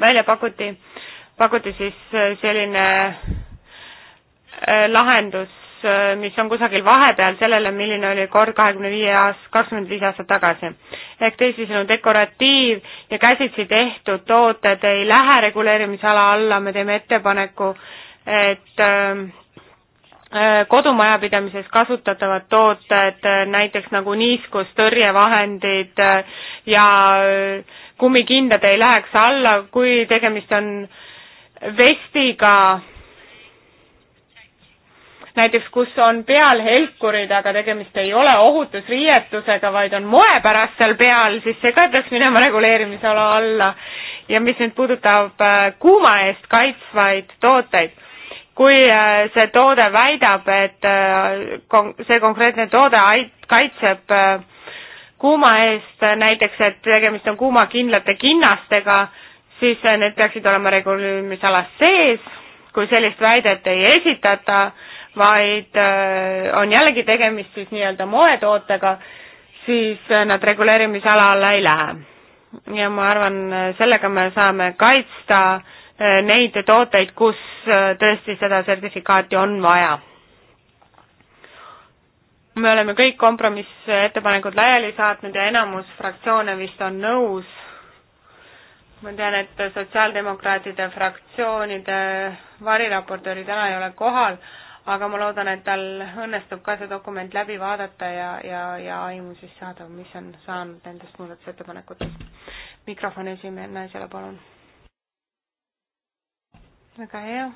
välja pakuti, pakuti siis äh, selline äh, lahendus, äh, mis on kusagil vahepeal sellele, milline oli kord kahekümne viie aast-, kakskümmend viis aastat tagasi. ehk teisisõnu, dekoratiiv ja käsitsi tehtud tooted ei lähe reguleerimisala alla, me teeme ettepaneku, et ähm, Äh, kodumajapidamises kasutatavad tooted, äh, näiteks nagu niiskustõrjevahendid äh, ja kummikindad ei läheks alla, kui tegemist on vestiga, näiteks kus on peal helkurid, aga tegemist ei ole ohutusriietusega, vaid on moe pärast seal peal, siis see ka peaks minema reguleerimisala alla. ja mis nüüd puudutab kuuma eest kaitsvaid tooteid kui äh, see toode väidab, et äh, see konkreetne toode kaitseb äh, kuuma eest, näiteks et tegemist on kuumakindlate kinnastega, siis need peaksid olema reguleerimisalas sees, kui sellist väidet ei esitata, vaid on jällegi tegemist siis nii-öelda moetootega, siis nad reguleerimisala alla ei lähe. ja ma arvan, sellega me saame kaitsta äh, Äh, neid tooteid, kus äh, tõesti seda sertifikaati on vaja. me oleme kõik kompromissettepanekud laiali saatnud ja enamus fraktsioone vist on nõus. ma tean, et sotsiaaldemokraatide fraktsioonide variraportööri täna ei ole kohal, aga ma loodan, et tal õnnestub ka see dokument läbi vaadata ja, ja, ja aimu siis saada, mis on saanud nendest muudatusettepanekutest. mikrofon esimene naisele, palun väga hea.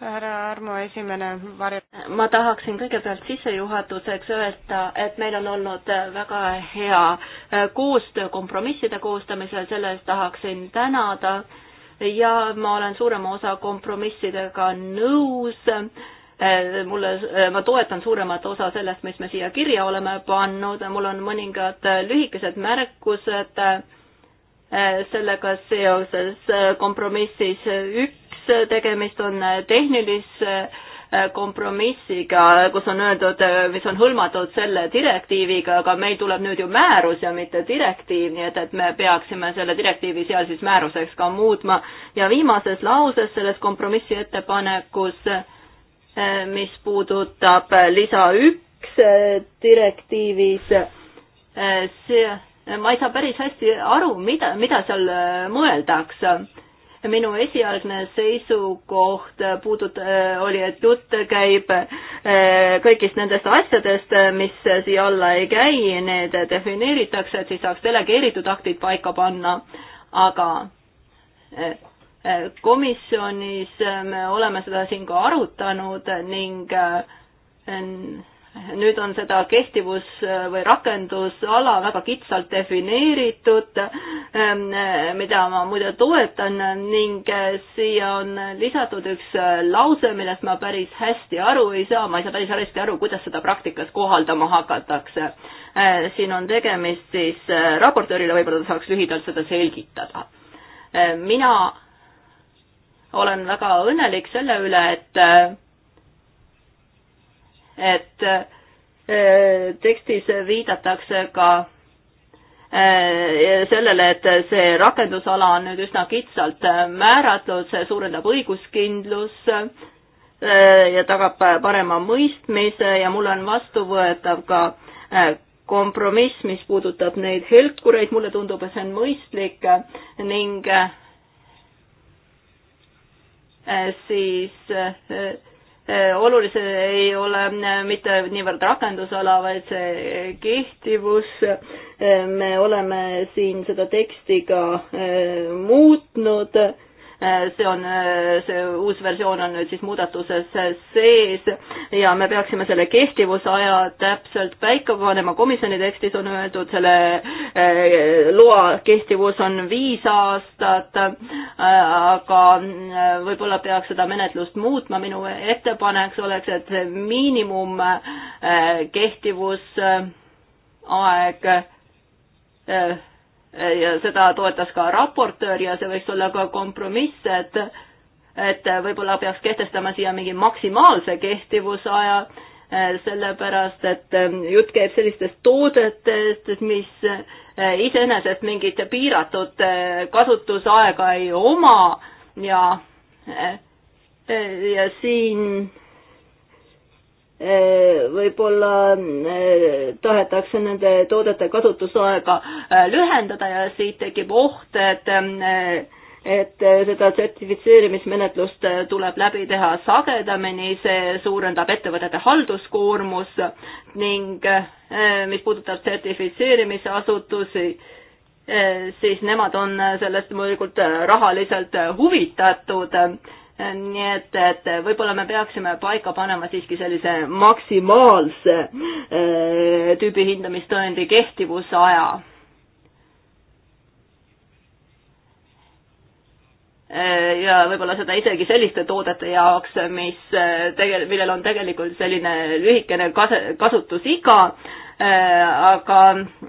härra Armo, esimene varju. ma tahaksin kõigepealt sissejuhatuseks öelda, et meil on olnud väga hea äh, koostöö kompromisside koostamisel, selle eest tahaksin tänada ja ma olen suurema osa kompromissidega nõus äh, mulle, äh, ma toetan suuremat osa sellest, mis me siia kirja oleme pannud, mul on mõningad lühikesed märkused Äh, sellega seoses äh, kompromissis äh, üks, tegemist on tehnilise kompromissiga, kus on öeldud, mis on hõlmatud selle direktiiviga, aga meil tuleb nüüd ju määrus ja mitte direktiiv, nii et, et me peaksime selle direktiivi seal siis määruseks ka muutma. ja viimases lauses selles kompromissi ettepanekus, mis puudutab lisa üks direktiivis, see ma ei saa päris hästi aru, mida, mida seal äh, mõeldakse. minu esialgne seisukoht puudut-, äh, oli, et jutt käib äh, kõigist nendest asjadest, mis siia alla ei käi, need defineeritakse, et siis saaks delegeeritud aktid paika panna, aga komisjonis me oleme seda siin ka arutanud ning nüüd on seda kehtivus- või rakendusala väga kitsalt defineeritud, ähm, mida ma muide toetan ning äh, siia on lisatud üks äh, lause, millest ma päris hästi aru ei saa, ma ei saa päris hästi aru, kuidas seda praktikas kohaldama hakatakse. Äh, siin on tegemist siis raportöörile, võib-olla ta saaks lühidalt seda selgitada. mina olen väga õnnelik selle üle, et et e, tekstis viidatakse ka e, sellele, et see rakendusala on nüüd üsna kitsalt määratud, see suurendab õiguskindlust e, ja tagab parema mõistmise ja mulle on vastuvõetav ka kompromiss, mis puudutab neid helkureid, mulle tundub, et see on mõistlik ning siis Eh, olulised ei ole eh, mitte niivõrd rakendusala, vaid see kehtivus. Eh, me oleme siin seda teksti ka muutnud Äh, see on, äh, see uus versioon on nüüd siis muudatuses sees ja me peaksime selle kehtivusaja täpselt paika panema, komisjoni tekstis on öeldud, selle äh, loa kehtivus on viis aastat, aga võib-olla peaks seda menetlust muutma, minu ettepanek oleks, et miinimum kehtivusaeg ja seda toetas ka raportöör ja see võiks olla ka kompromiss, et et võib-olla peaks kehtestama siia mingi maksimaalse kehtivusaja, eh, sellepärast et eh, jutt käib sellistest toodetest, mis eh, iseenesest mingit piiratud kasutusaega ei oma ja ja siin Eh, võib-olla eh, tahetakse nende toodete kasutusaega eh, lühendada ja siit tekib oht, et et seda sertifitseerimismenetlust tuleb läbi teha sagedamini, see suurendab ettevõtete halduskoormus ning mis puudutab sertifitseerimisasutusi, siis nemad on sellest muidugi rahaliselt huvitatud nii et, et võib-olla me peaksime paika panema siiski sellise maksimaalse eh, tüübi hindamistõendi kehtivusaja. Eh, ja võib-olla seda isegi selliste toodete jaoks, mis eh, tegel-, millel on tegelikult selline lühikene kas-, kasutusiga Äh, aga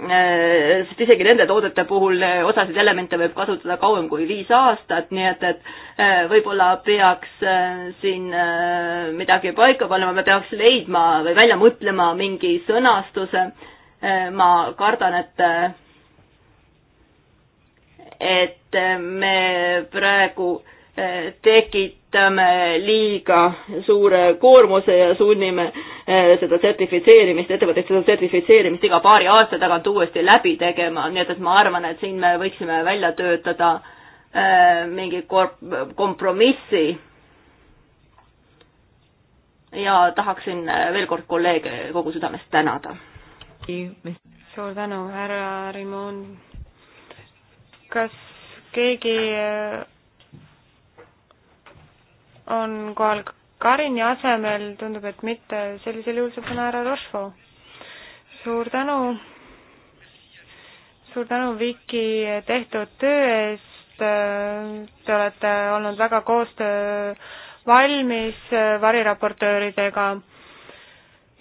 äh, sest isegi nende toodete puhul äh, osasid elemente võib kasutada kauem kui viis aastat, nii et, et võib-olla peaks siin midagi paika panema, me peaks leidma või välja mõtlema mingi sõnastuse. ma kardan, et et me praegu äh, tekitame liiga suure koormuse ja sunnime eh, seda sertifitseerimist, ettevõtteid seda sertifitseerimist iga paari aasta tagant uuesti läbi tegema, nii et, et ma arvan, et siin me võiksime välja töötada eh, mingi kompromissi. ja tahaksin veel kord kolleege kogu südamest tänada. suur tänu, härra Rimon. kas keegi on kohal Karini asemel, tundub, et mitte, sellisel juhul saab sõna härra Rošvo. suur tänu, suur tänu Viki tehtud töö eest, te olete olnud väga koostöö valmis variraportööridega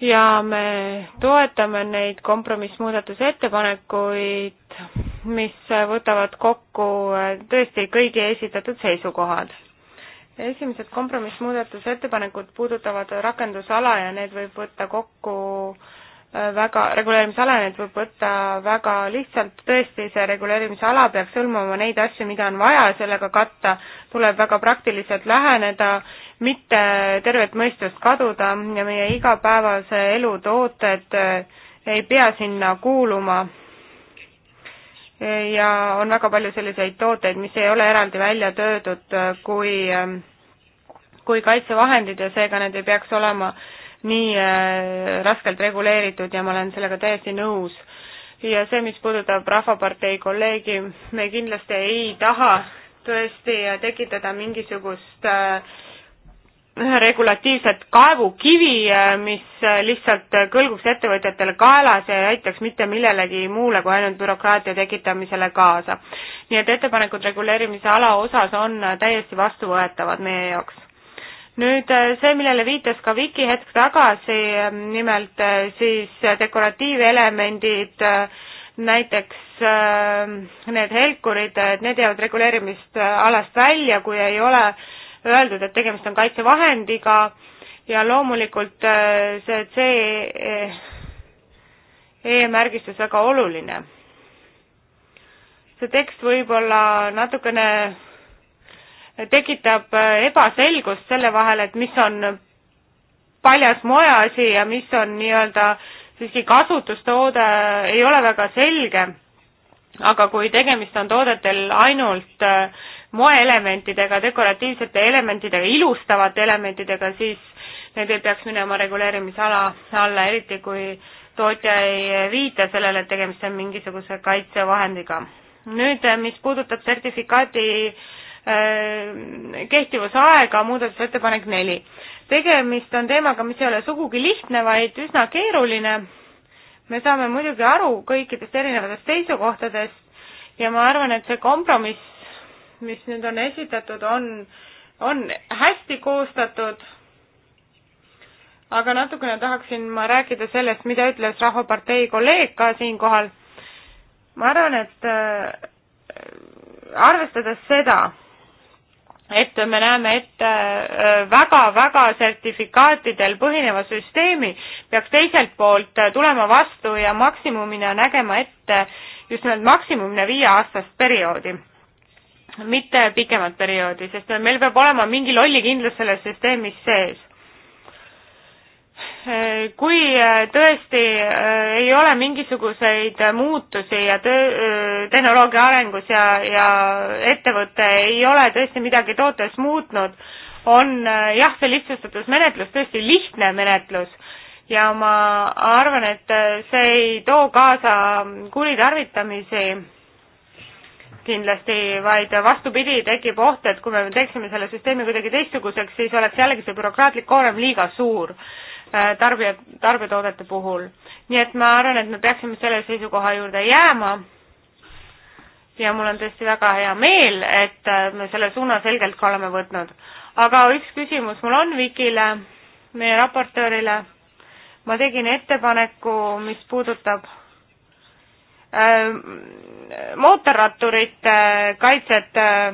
ja me toetame neid kompromissmuudatuse ettepanekuid, mis võtavad kokku tõesti kõigi esitatud seisukohad esimesed kompromissmuudatusettepanekud puudutavad rakendusala ja need võib võtta kokku äh, väga, reguleerimisala ja need võib võtta väga lihtsalt, tõesti, see reguleerimisala peaks hõlmama neid asju, mida on vaja ja sellega katta, tuleb väga praktiliselt läheneda, mitte tervet mõistust kaduda ja meie igapäevase elu tooted äh, ei pea sinna kuuluma ja on väga palju selliseid tooteid, mis ei ole eraldi välja töödud äh, kui, ähm, kui kaitsevahendid ja seega need ei peaks olema nii äh, raskelt reguleeritud ja ma olen sellega täiesti nõus. ja see, mis puudutab Rahvapartei kolleegi, me kindlasti ei taha tõesti äh, tekitada mingisugust äh, regulatiivset kaevukivi, äh, mis äh, lihtsalt äh, kõlguks ettevõtjatele kaelas ja ei aitaks mitte millelegi muule kui ainult bürokraatia tekitamisele kaasa. nii et ettepanekud reguleerimise ala osas on täiesti vastuvõetavad meie jaoks. nüüd see, millele viitas ka Viki hetk tagasi, nimelt siis dekoratiivelemendid, näiteks need helkurid, need jäävad reguleerimistalast välja, kui ei ole öeldud, et tegemist on kaitsevahendiga ja loomulikult äh, see CE-märgistus väga oluline. see tekst võib-olla natukene tekitab äh, ebaselgust selle vahel, et mis on paljas moeasi ja mis on nii-öelda siiski kasutustoode, ei ole väga selge. aga kui tegemist on toodetel ainult äh, moeelementidega, dekoratiivsete elementidega, ilustavate elementidega, siis need ei peaks minema reguleerimisala alla, eriti kui tootja ei viita sellele, et tegemist on mingisuguse kaitsevahendiga. nüüd, mis puudutab sertifikaadi äh, kehtivusaega, muudatusettepanek neli. tegemist on teemaga, mis ei ole sugugi lihtne, vaid üsna keeruline. me saame muidugi aru kõikidest erinevatest seisukohtadest ja ma arvan, et see kompromiss mis nüüd on esitatud, on, on hästi koostatud, aga natukene tahaksin ma rääkida sellest, mida ütles Rahvapartei kolleeg ka siinkohal. ma arvan, et äh, arvestades seda, et me näeme ette väga-väga äh, sertifikaatidel põhineva süsteemi, peaks teiselt poolt äh, tulema vastu ja maksimumina nägema ette just nimelt maksimumina viieaastast perioodi mitte pikemat perioodi, sest meil peab olema mingi lollikindlus selles süsteemis sees. kui äh, tõesti äh, ei ole mingisuguseid muutusi ja töö, äh, tehnoloogia arengus ja, ja ettevõte ei ole tõesti midagi tootes muutnud, on jah, see lihtsustatud menetlus tõesti lihtne menetlus ja ma arvan, et see ei too kaasa kuritarvitamisi kindlasti, vaid vastupidi, tekib oht, et kui me teeksime selle süsteemi kuidagi teistsuguseks, siis oleks jällegi see bürokraatlik koorem liiga suur äh, tarbija, tarbijatoodete puhul. nii et ma arvan, et me peaksime selle seisukoha juurde jääma ja mul on tõesti väga hea meel, et äh, me selle suuna selgelt ka oleme võtnud. aga üks küsimus mul on Vikile, meie raportöörile. ma tegin ettepaneku, mis puudutab Äh, mootorratturite kaitset. Äh,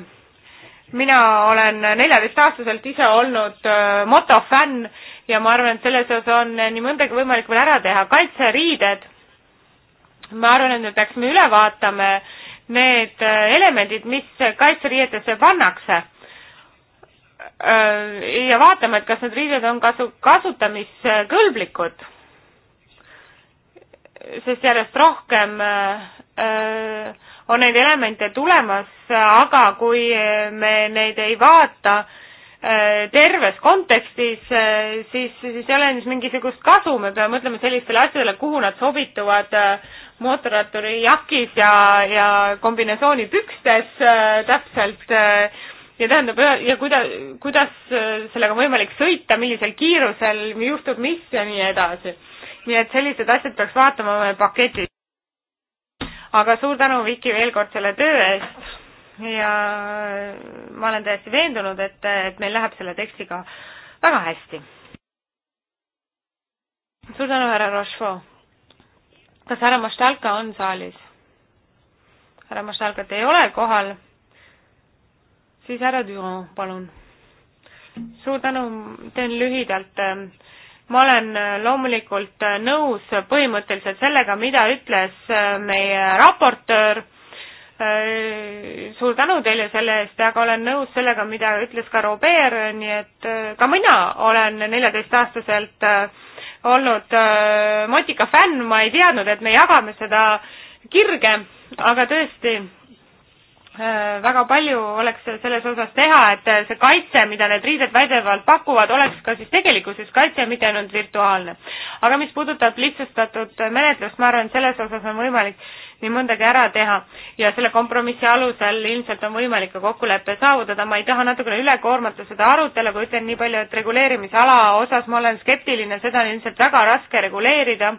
mina olen neljateistaastaselt ise olnud äh, motofänn ja ma arvan, et selles osas on nii mõndagi võimalik veel ära teha. kaitseriided, ma arvan, et me peaksime üle vaatama need elemendid, mis kaitseriietesse pannakse ja vaatame, et kas need riided on kasu, kasutamiskõlblikud sest järjest rohkem äh, on neid elemente tulemas, aga kui me neid ei vaata äh, terves kontekstis, äh, siis, siis ei ole neist mingisugust kasu, me peame mõtlema sellistele asjadele, kuhu nad sobituvad mootorratturi jakis ja, ja kombinesooni pükstes täpselt ja tähendab, ja kuida-, kuidas sellega on võimalik sõita, millisel kiirusel juhtub mis ja nii edasi nii et sellised asjad peaks vaatama paketis. aga suur tänu, Viki, veel kord selle töö eest ja ma olen täiesti veendunud, et, et meil läheb selle tekstiga väga hästi. suur tänu, härra Rochefort. kas härra Maštalka on saalis? härra Maštalkat ei ole kohal. siis härra Düron, palun. suur tänu, teen lühidalt ma olen äh, loomulikult äh, nõus põhimõtteliselt sellega, mida ütles äh, meie raportöör, suur tänu teile selle eest, aga olen nõus sellega, mida ütles ka Robert, nii et ka mina olen neljateistaastaselt olnud Motika fänn, ma ei teadnud, et me jagame seda kirge, aga tõesti Äh, väga palju oleks selles osas teha, et see kaitse, mida need riided väidetavalt pakuvad, oleks ka siis tegelikkuses kaitse, mitte ainult virtuaalne. aga mis puudutab lihtsustatud menetlust, ma arvan, et selles osas on võimalik nii mõndagi ära teha ja selle kompromissi alusel ilmselt on võimalik ka kokkulepe saavutada, ma ei taha natukene üle koormata seda arutelu, aga ütlen nii palju, et reguleerimisala osas ma olen skeptiline, seda on ilmselt väga raske reguleerida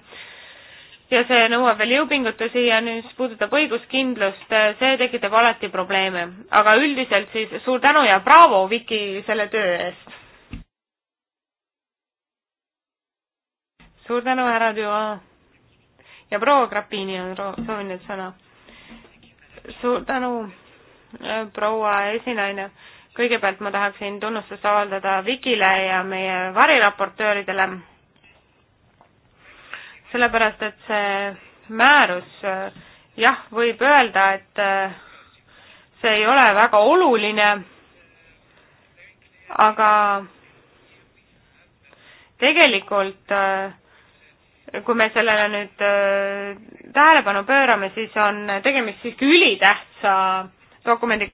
ja see nõuab veel jõupingutusi ja nüüd, mis puudutab õiguskindlust, see tekitab alati probleeme. aga üldiselt siis suur tänu ja braavo, Viki, selle töö eest! suur tänu, härra Düa! ja proua Grapini on soovin nüüd sõna. suur tänu, äh, proua esinaine! kõigepealt ma tahaksin tunnustust avaldada Vikile ja meie variraportööridele sellepärast et see määrus äh, jah, võib öelda, et äh, see ei ole väga oluline, aga tegelikult äh, kui me sellele nüüd tähelepanu pöörame, siis on tegemist siiski ülitähtsa dokumendiga.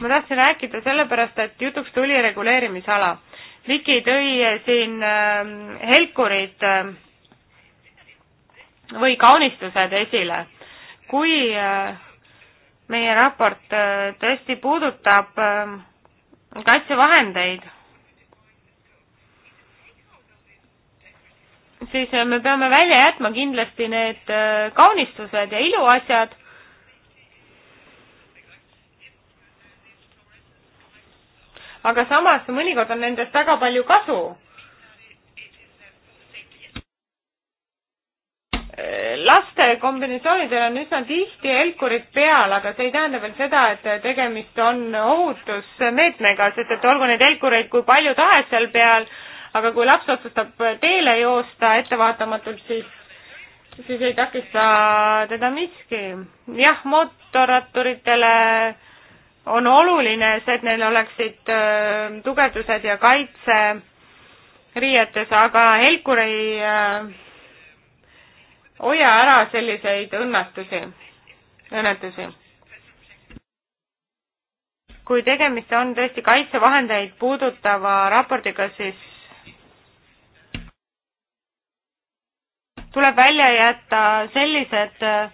ma tahtsin rääkida sellepärast, et jutuks tuli reguleerimisala. Viki tõi siin helkurid või kaunistused esile. kui äh, meie raport äh, tõesti puudutab äh, kaitsevahendeid, siis me peame välja jätma kindlasti need kaunistused ja iluasjad, aga samas mõnikord on nendest väga palju kasu laste kombinatsioonidel on üsna tihti helkurid peal, aga see ei tähenda veel seda, et tegemist on ohutusmeetmega, sest et olgu neid helkureid kui palju tahes seal peal, aga kui laps otsustab teele joosta ettevaatamatult, siis, siis ei takista teda miski. jah, mootorratturitele on oluline see, et neil oleksid äh, tugevdused ja kaitse riietes, aga helkuri äh, hoia ära selliseid õnnetusi, õnnetusi. kui tegemist on tõesti kaitsevahendeid puudutava raportiga, siis tuleb välja jätta sellised äh,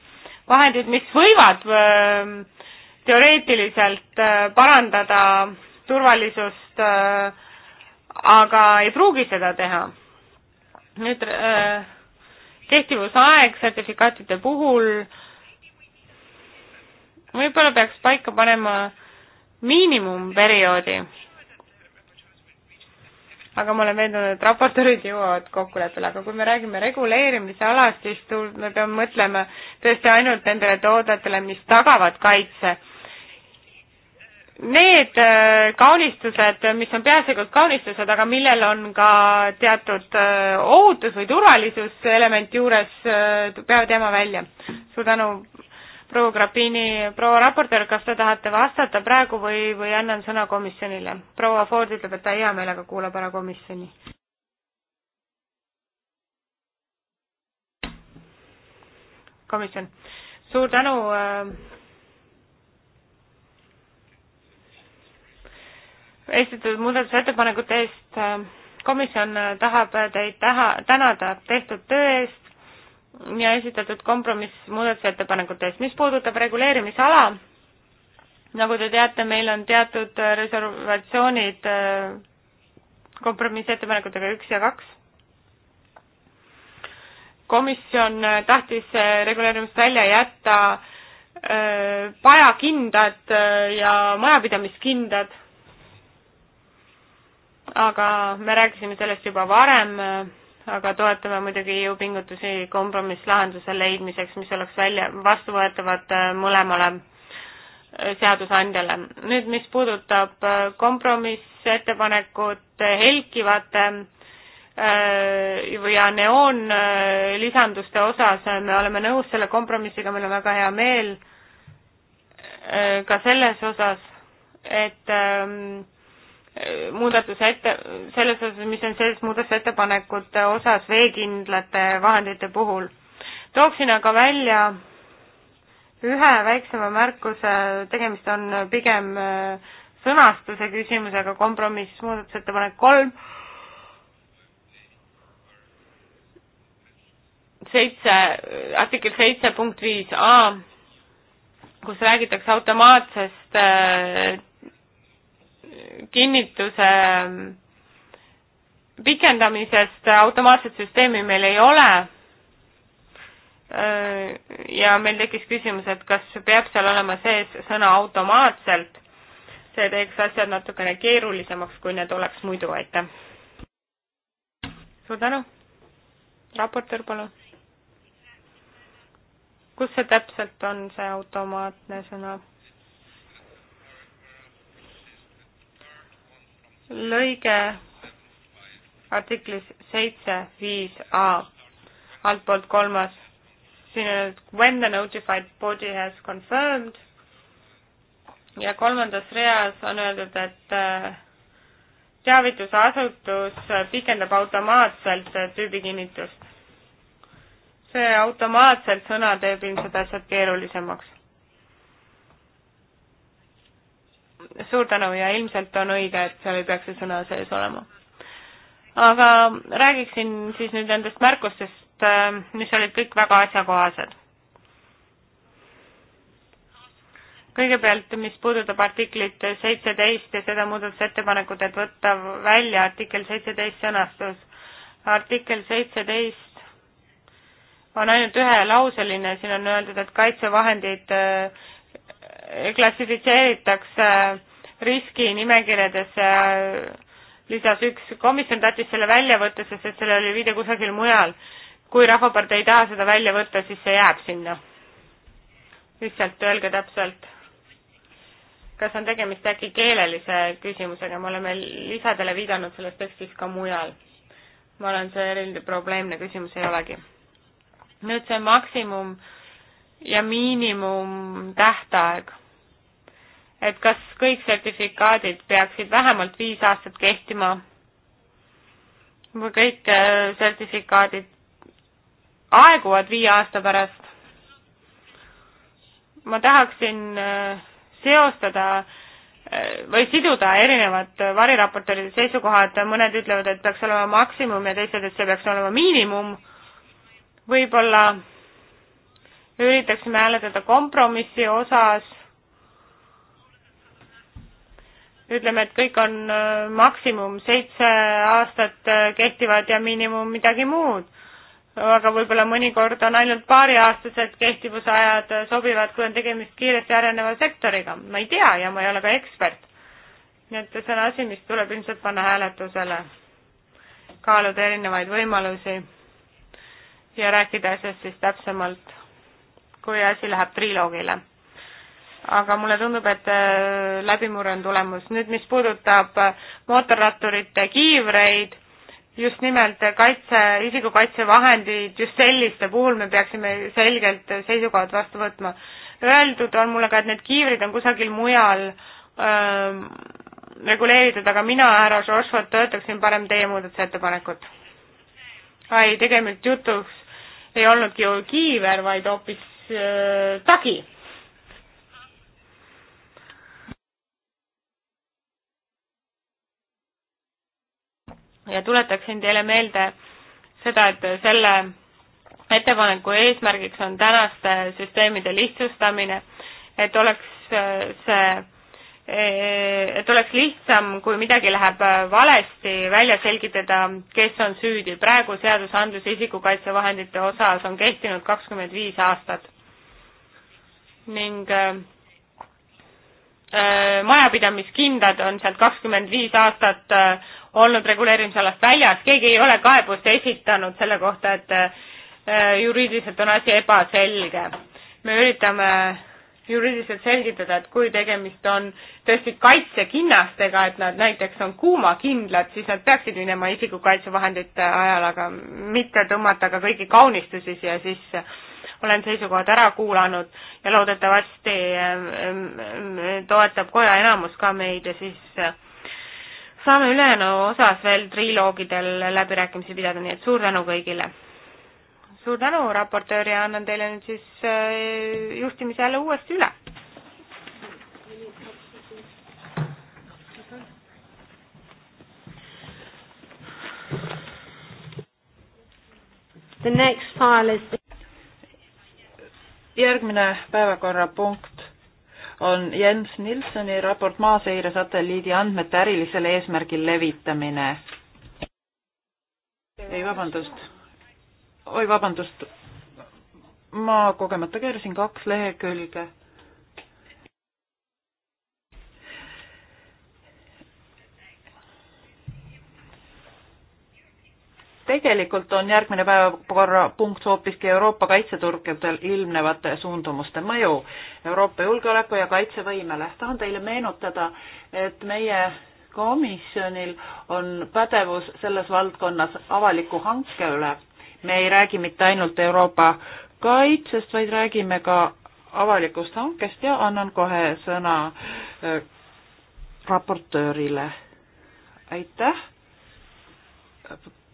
vahendid, mis võivad ähm, teoreetiliselt äh, parandada turvalisust, äh, aga ei pruugi seda teha. nüüd äh, kehtivusaeg sertifikaatide puhul võib-olla peaks paika panema miinimumperioodi. aga ma olen veendunud, et raportöörid jõuavad kokkuleppele, aga kui me räägime reguleerimisalast, siis tul-, me peame mõtlema tõesti ainult nendele toodetele, mis tagavad kaitse need äh, kaunistused, mis on peaasjalikult kaunistused, aga millel on ka teatud äh, ohutus või turvalisuselement juures, äh, peavad jääma välja. suur tänu, proua Grappini, proua raportöör, kas te tahate vastata praegu või, või annan sõna komisjonile? proua Ford ütleb, et ta hea meelega kuulab ära komisjoni. komisjon, suur tänu äh, esitatud muudatusettepanekute eest. komisjon tahab teid taha, tänada tehtud töö eest ja esitatud kompromiss muudatusettepanekute eest. mis puudutab reguleerimisala, nagu te teate, meil on teatud reservatsioonid äh, kompromissettepanekutega üks ja kaks. komisjon tahtis reguleerimist välja jätta äh, pajakindad äh, ja majapidamiskindad aga me rääkisime sellest juba varem, aga toetame muidugi jõupingutusi kompromisslahenduse leidmiseks, mis oleks välja, vastuvõetavad äh, mõlemale äh, seadusandjale. nüüd, mis puudutab äh, kompromissettepanekut helkivate ja neoonlisanduste osas, me oleme nõus selle kompromissiga, meil on väga hea meel ka selles osas, et ähm, muudatuse ette, selles osas, mis on selles muudatusettepanekute osas veekindlate vahendite puhul. tooksin aga välja ühe väiksema märkuse, tegemist on pigem äh, sõnastuse küsimusega, kompromiss, muudatusettepanek kolm, seitse, äh, artikkel seitse punkt viis A, kus räägitakse automaatsest äh, kinnituse pikendamisest automaatset süsteemi meil ei ole. ja meil tekkis küsimus, et kas peab seal olema sees sõna automaatselt. see teeks asjad natukene keerulisemaks, kui need oleks muidu, aitäh. suur tänu. raportöör, palun. kus see täpselt on, see automaatne sõna? lõige artiklis seitse viis A altpoolt kolmas. siin on, et when the notified body has confirmed ja kolmandas reas on öeldud, et äh, teavituse asutus pikendab automaatselt äh, tüübikinnitust. see automaatselt sõna teeb ilmselt asjad keerulisemaks. suur tänu ja ilmselt on õige, et seal ei peaks see sõna sees olema. aga räägiksin siis nüüd nendest märkustest, äh, mis olid kõik väga asjakohased. kõigepealt, mis puudutab artiklit seitseteist ja seda muudatusettepanekut, et võtta välja artikkel seitseteist sõnastus. artikkel seitseteist on ainult ühelauseline, siin on öeldud, et kaitsevahendid äh, klassifitseeritakse riskinimekirjadesse lisas üks, komisjon tahtis selle välja võtta, sest et sellel oli viide kusagil mujal. kui Rahvapartei ei taha seda välja võtta, siis see jääb sinna. lihtsalt öelge täpselt, kas on tegemist äkki keelelise küsimusega, me oleme lisadele viidanud selles tekstis ka mujal. ma olen see eriline probleemne küsimus ei olegi. nüüd see maksimum äh, ja miinimumtähtaeg. et kas kõik sertifikaadid peaksid vähemalt viis aastat kehtima või kõik äh, sertifikaadid aeguvad viie aasta pärast. ma tahaksin äh, seostada äh, või siduda erinevad variraportööride seisukohad, mõned ütlevad, et peaks olema maksimum ja teised, et see peaks olema miinimum. võib-olla üritaksime hääletada kompromissi osas, ütleme, et kõik on äh, maksimum seitse aastat äh, kehtivad ja miinimum midagi muud. aga võib-olla mõnikord on ainult paariaastased kehtivusajad äh, sobivad, kui on tegemist kiiresti areneva sektoriga. ma ei tea ja ma ei ole ka ekspert. nii et see on asi, mis tuleb ilmselt panna hääletusele, kaaluda erinevaid võimalusi ja rääkida asjast siis täpsemalt kui asi läheb triloogile. aga mulle tundub, et äh, läbimurre on tulemus. nüüd, mis puudutab äh, mootorratturite kiivreid, just nimelt äh, kaitse, isikukaitsevahendid, just selliste puhul me peaksime selgelt seisukohad vastu võtma. Öeldud on mulle ka, et need kiivrid on kusagil mujal öö, ähm, reguleeritud, aga mina, härra Šošvat, toetaksin parem teie muudatusettepanekut. ai, tegelikult jutuks ei olnudki ju kiiver, vaid hoopis E, tagi. ja tuletaksin teile meelde seda, et selle ettepaneku eesmärgiks on tänaste süsteemide lihtsustamine, et oleks e, see e, et oleks lihtsam, kui midagi läheb valesti, välja selgitada, kes on süüdi. praegu seadusandlus isikukaitsevahendite osas on kehtinud kakskümmend viis aastat ning äh, äh, majapidamiskindad on sealt kakskümmend viis aastat äh, olnud reguleerimisalast väljas, keegi ei ole kaebust esitanud selle kohta, et juriidiliselt on asi ebaselge. me üritame juriidiliselt selgitada, et kui tegemist on tõesti kaitsekinnastega, et nad näiteks on kuumakindlad, siis nad peaksid minema isikukaitsevahendite ajal, aga mitte tõmmata ka kõiki kaunistusi siia sisse olen seisukohad ära kuulanud ja loodetavasti ähm, ähm, ähm, toetab koja enamus ka meid ja siis äh, saame ülejäänu osas veel triloogidel läbirääkimisi pidada, nii et suur tänu kõigile! suur tänu, raportöör, ja annan teile nüüd siis äh, juhtimise jälle uuesti üle. The next file is järgmine päevakorrapunkt on Jens Nilssoni raport Maaseire satelliidi andmete ärilisel eesmärgil levitamine. ei, vabandust. oi, vabandust. ma kogemata keerasin kaks lehekülge tegelikult on järgmine päevakorrapunkt hoopiski Euroopa kaitseturgudel ilmnevate suundumuste mõju Euroopa julgeoleku ja kaitsevõimele. tahan teile meenutada, et meie komisjonil on pädevus selles valdkonnas avaliku hanke üle. me ei räägi mitte ainult Euroopa kaitsest, vaid räägime ka avalikust hankest ja annan kohe sõna äh, raportöörile. aitäh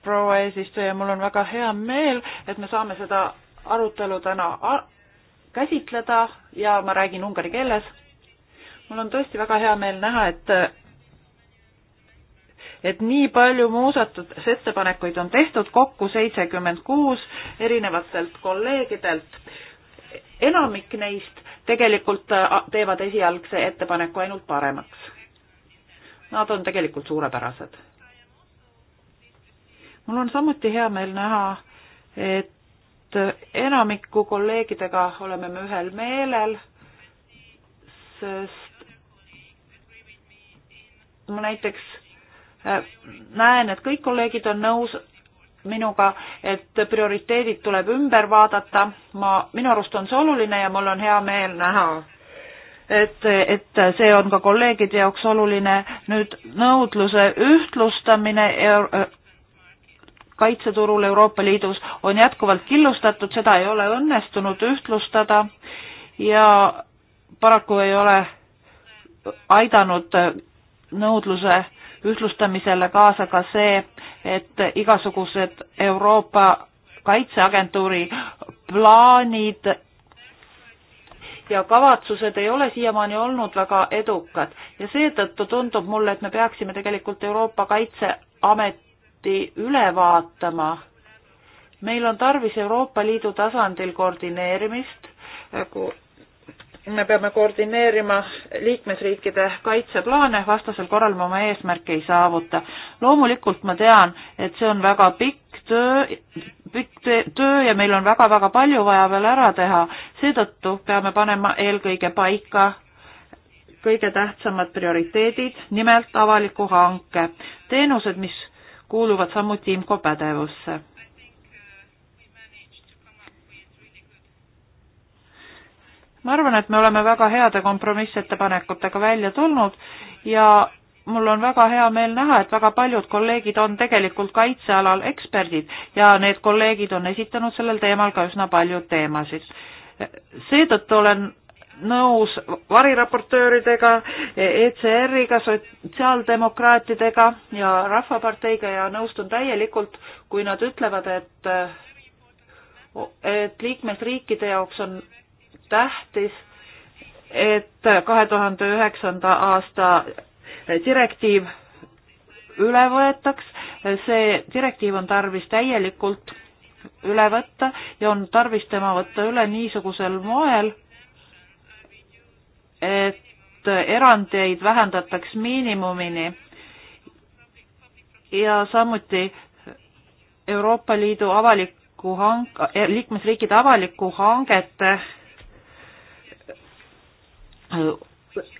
proua eesistuja, mul on väga hea meel, et me saame seda arutelu täna käsitleda ja ma räägin ungari keeles. mul on tõesti väga hea meel näha, et et nii palju muudatusettepanekuid on tehtud, kokku seitsekümmend kuus erinevatelt kolleegidelt. enamik neist tegelikult äh, teevad esialgse ettepaneku ainult paremaks. Nad on tegelikult suurepärased mul on samuti hea meel näha, et enamiku kolleegidega oleme me ühel meelel, sest ma näiteks äh, näen, et kõik kolleegid on nõus minuga, et prioriteedid tuleb ümber vaadata, ma, minu arust on see oluline ja mul on hea meel näha, et, et see on ka kolleegide jaoks oluline. nüüd nõudluse ühtlustamine Euro kaitseturul Euroopa Liidus on jätkuvalt killustatud, seda ei ole õnnestunud ühtlustada ja paraku ei ole aidanud nõudluse ühtlustamisele kaasa ka see, et igasugused Euroopa Kaitseagentuuri plaanid ja kavatsused ei ole siiamaani olnud väga edukad ja seetõttu tundub mulle, et me peaksime tegelikult Euroopa Kaitseamet samuti üle vaatama. meil on tarvis Euroopa Liidu tasandil koordineerimist, me peame koordineerima liikmesriikide kaitseplaane, vastasel korral me oma eesmärke ei saavuta. loomulikult ma tean, et see on väga pikk töö, pikk töö ja meil on väga-väga palju vaja veel ära teha, seetõttu peame panema eelkõige paika kõige tähtsamad prioriteedid, nimelt avaliku hanke. teenused, mis kuuluvad samuti IMCO pädevusse. ma arvan, et me oleme väga heade kompromissettepanekutega välja tulnud ja mul on väga hea meel näha, et väga paljud kolleegid on tegelikult kaitsealal eksperdid ja need kolleegid on esitanud sellel teemal ka üsna palju teemasid. seetõttu olen nõus variraportööridega, ECR-iga, sotsiaaldemokraatidega ja Rahvaparteiga ja nõustun täielikult, kui nad ütlevad, et, et liikmesriikide jaoks on tähtis, et kahe tuhande üheksanda aasta direktiiv üle võetaks. see direktiiv on tarvis täielikult üle võtta ja on tarvis tema võtta üle niisugusel moel, et erandeid vähendataks miinimumini ja samuti Euroopa Liidu avaliku hank-, eh, liikmesriikide avaliku hangete eh,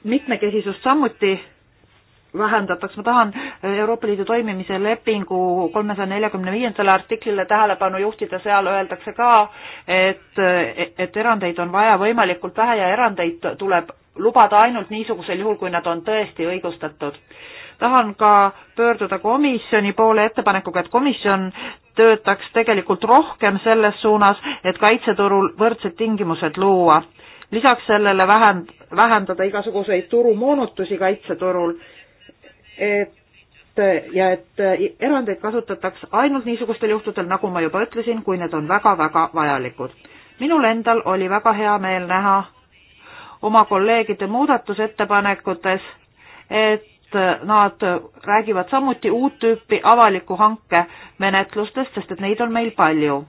mitmekesisust samuti vähendataks, ma tahan Euroopa Liidu toimimise lepingu kolmesaja neljakümne viiendale artiklile tähelepanu juhtida, seal öeldakse ka, et, et erandeid on vaja võimalikult vähe ja erandeid tuleb lubada ainult niisugusel juhul, kui nad on tõesti õigustatud. tahan ka pöörduda komisjoni poole ettepanekuga, et komisjon töötaks tegelikult rohkem selles suunas, et kaitseturul võrdsed tingimused luua. lisaks sellele vähend-, vähendada igasuguseid turumoonutusi kaitseturul, et ja et erandeid kasutatakse ainult niisugustel juhtudel, nagu ma juba ütlesin, kui need on väga-väga vajalikud. minul endal oli väga hea meel näha oma kolleegide muudatusettepanekutes, et nad räägivad samuti uut tüüpi avaliku hanke menetlustest, sest et neid on meil palju.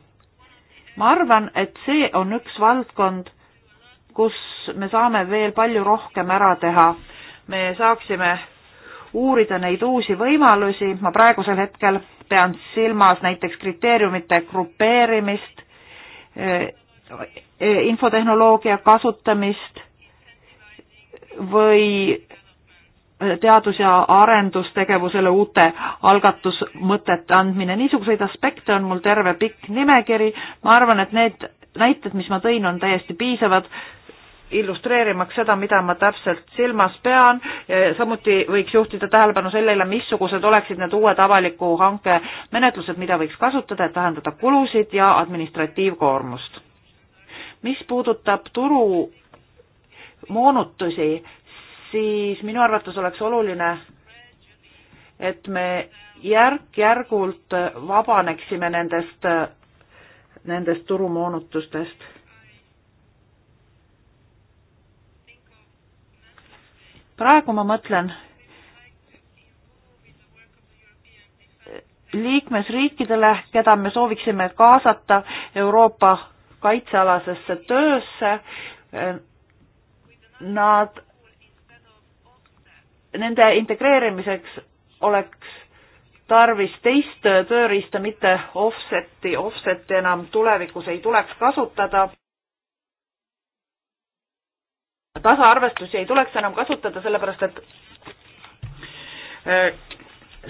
ma arvan, et see on üks valdkond, kus me saame veel palju rohkem ära teha. me saaksime uurida neid uusi võimalusi, ma praegusel hetkel pean silmas näiteks kriteeriumite grupeerimist, eh, infotehnoloogia kasutamist või teadus- ja arendustegevusele uute algatusmõtete andmine, niisuguseid aspekte on mul terve pikk nimekiri, ma arvan, et need näited, mis ma tõin, on täiesti piisavad illustreerimaks seda, mida ma täpselt silmas pean, samuti võiks juhtida tähelepanu sellele, missugused oleksid need uued avaliku hanke menetlused, mida võiks kasutada, et vähendada kulusid ja administratiivkoormust. mis puudutab turu moonutusi, siis minu arvates oleks oluline, et me järk-järgult vabaneksime nendest, nendest turumoonutustest. praegu ma mõtlen liikmesriikidele, keda me sooviksime kaasata Euroopa kaitsealasesse töösse, nad, nende integreerimiseks oleks tarvis teist tööriista, mitte offset'i, offset'i enam tulevikus ei tuleks kasutada. tasaarvestusi ei tuleks enam kasutada, sellepärast et äh,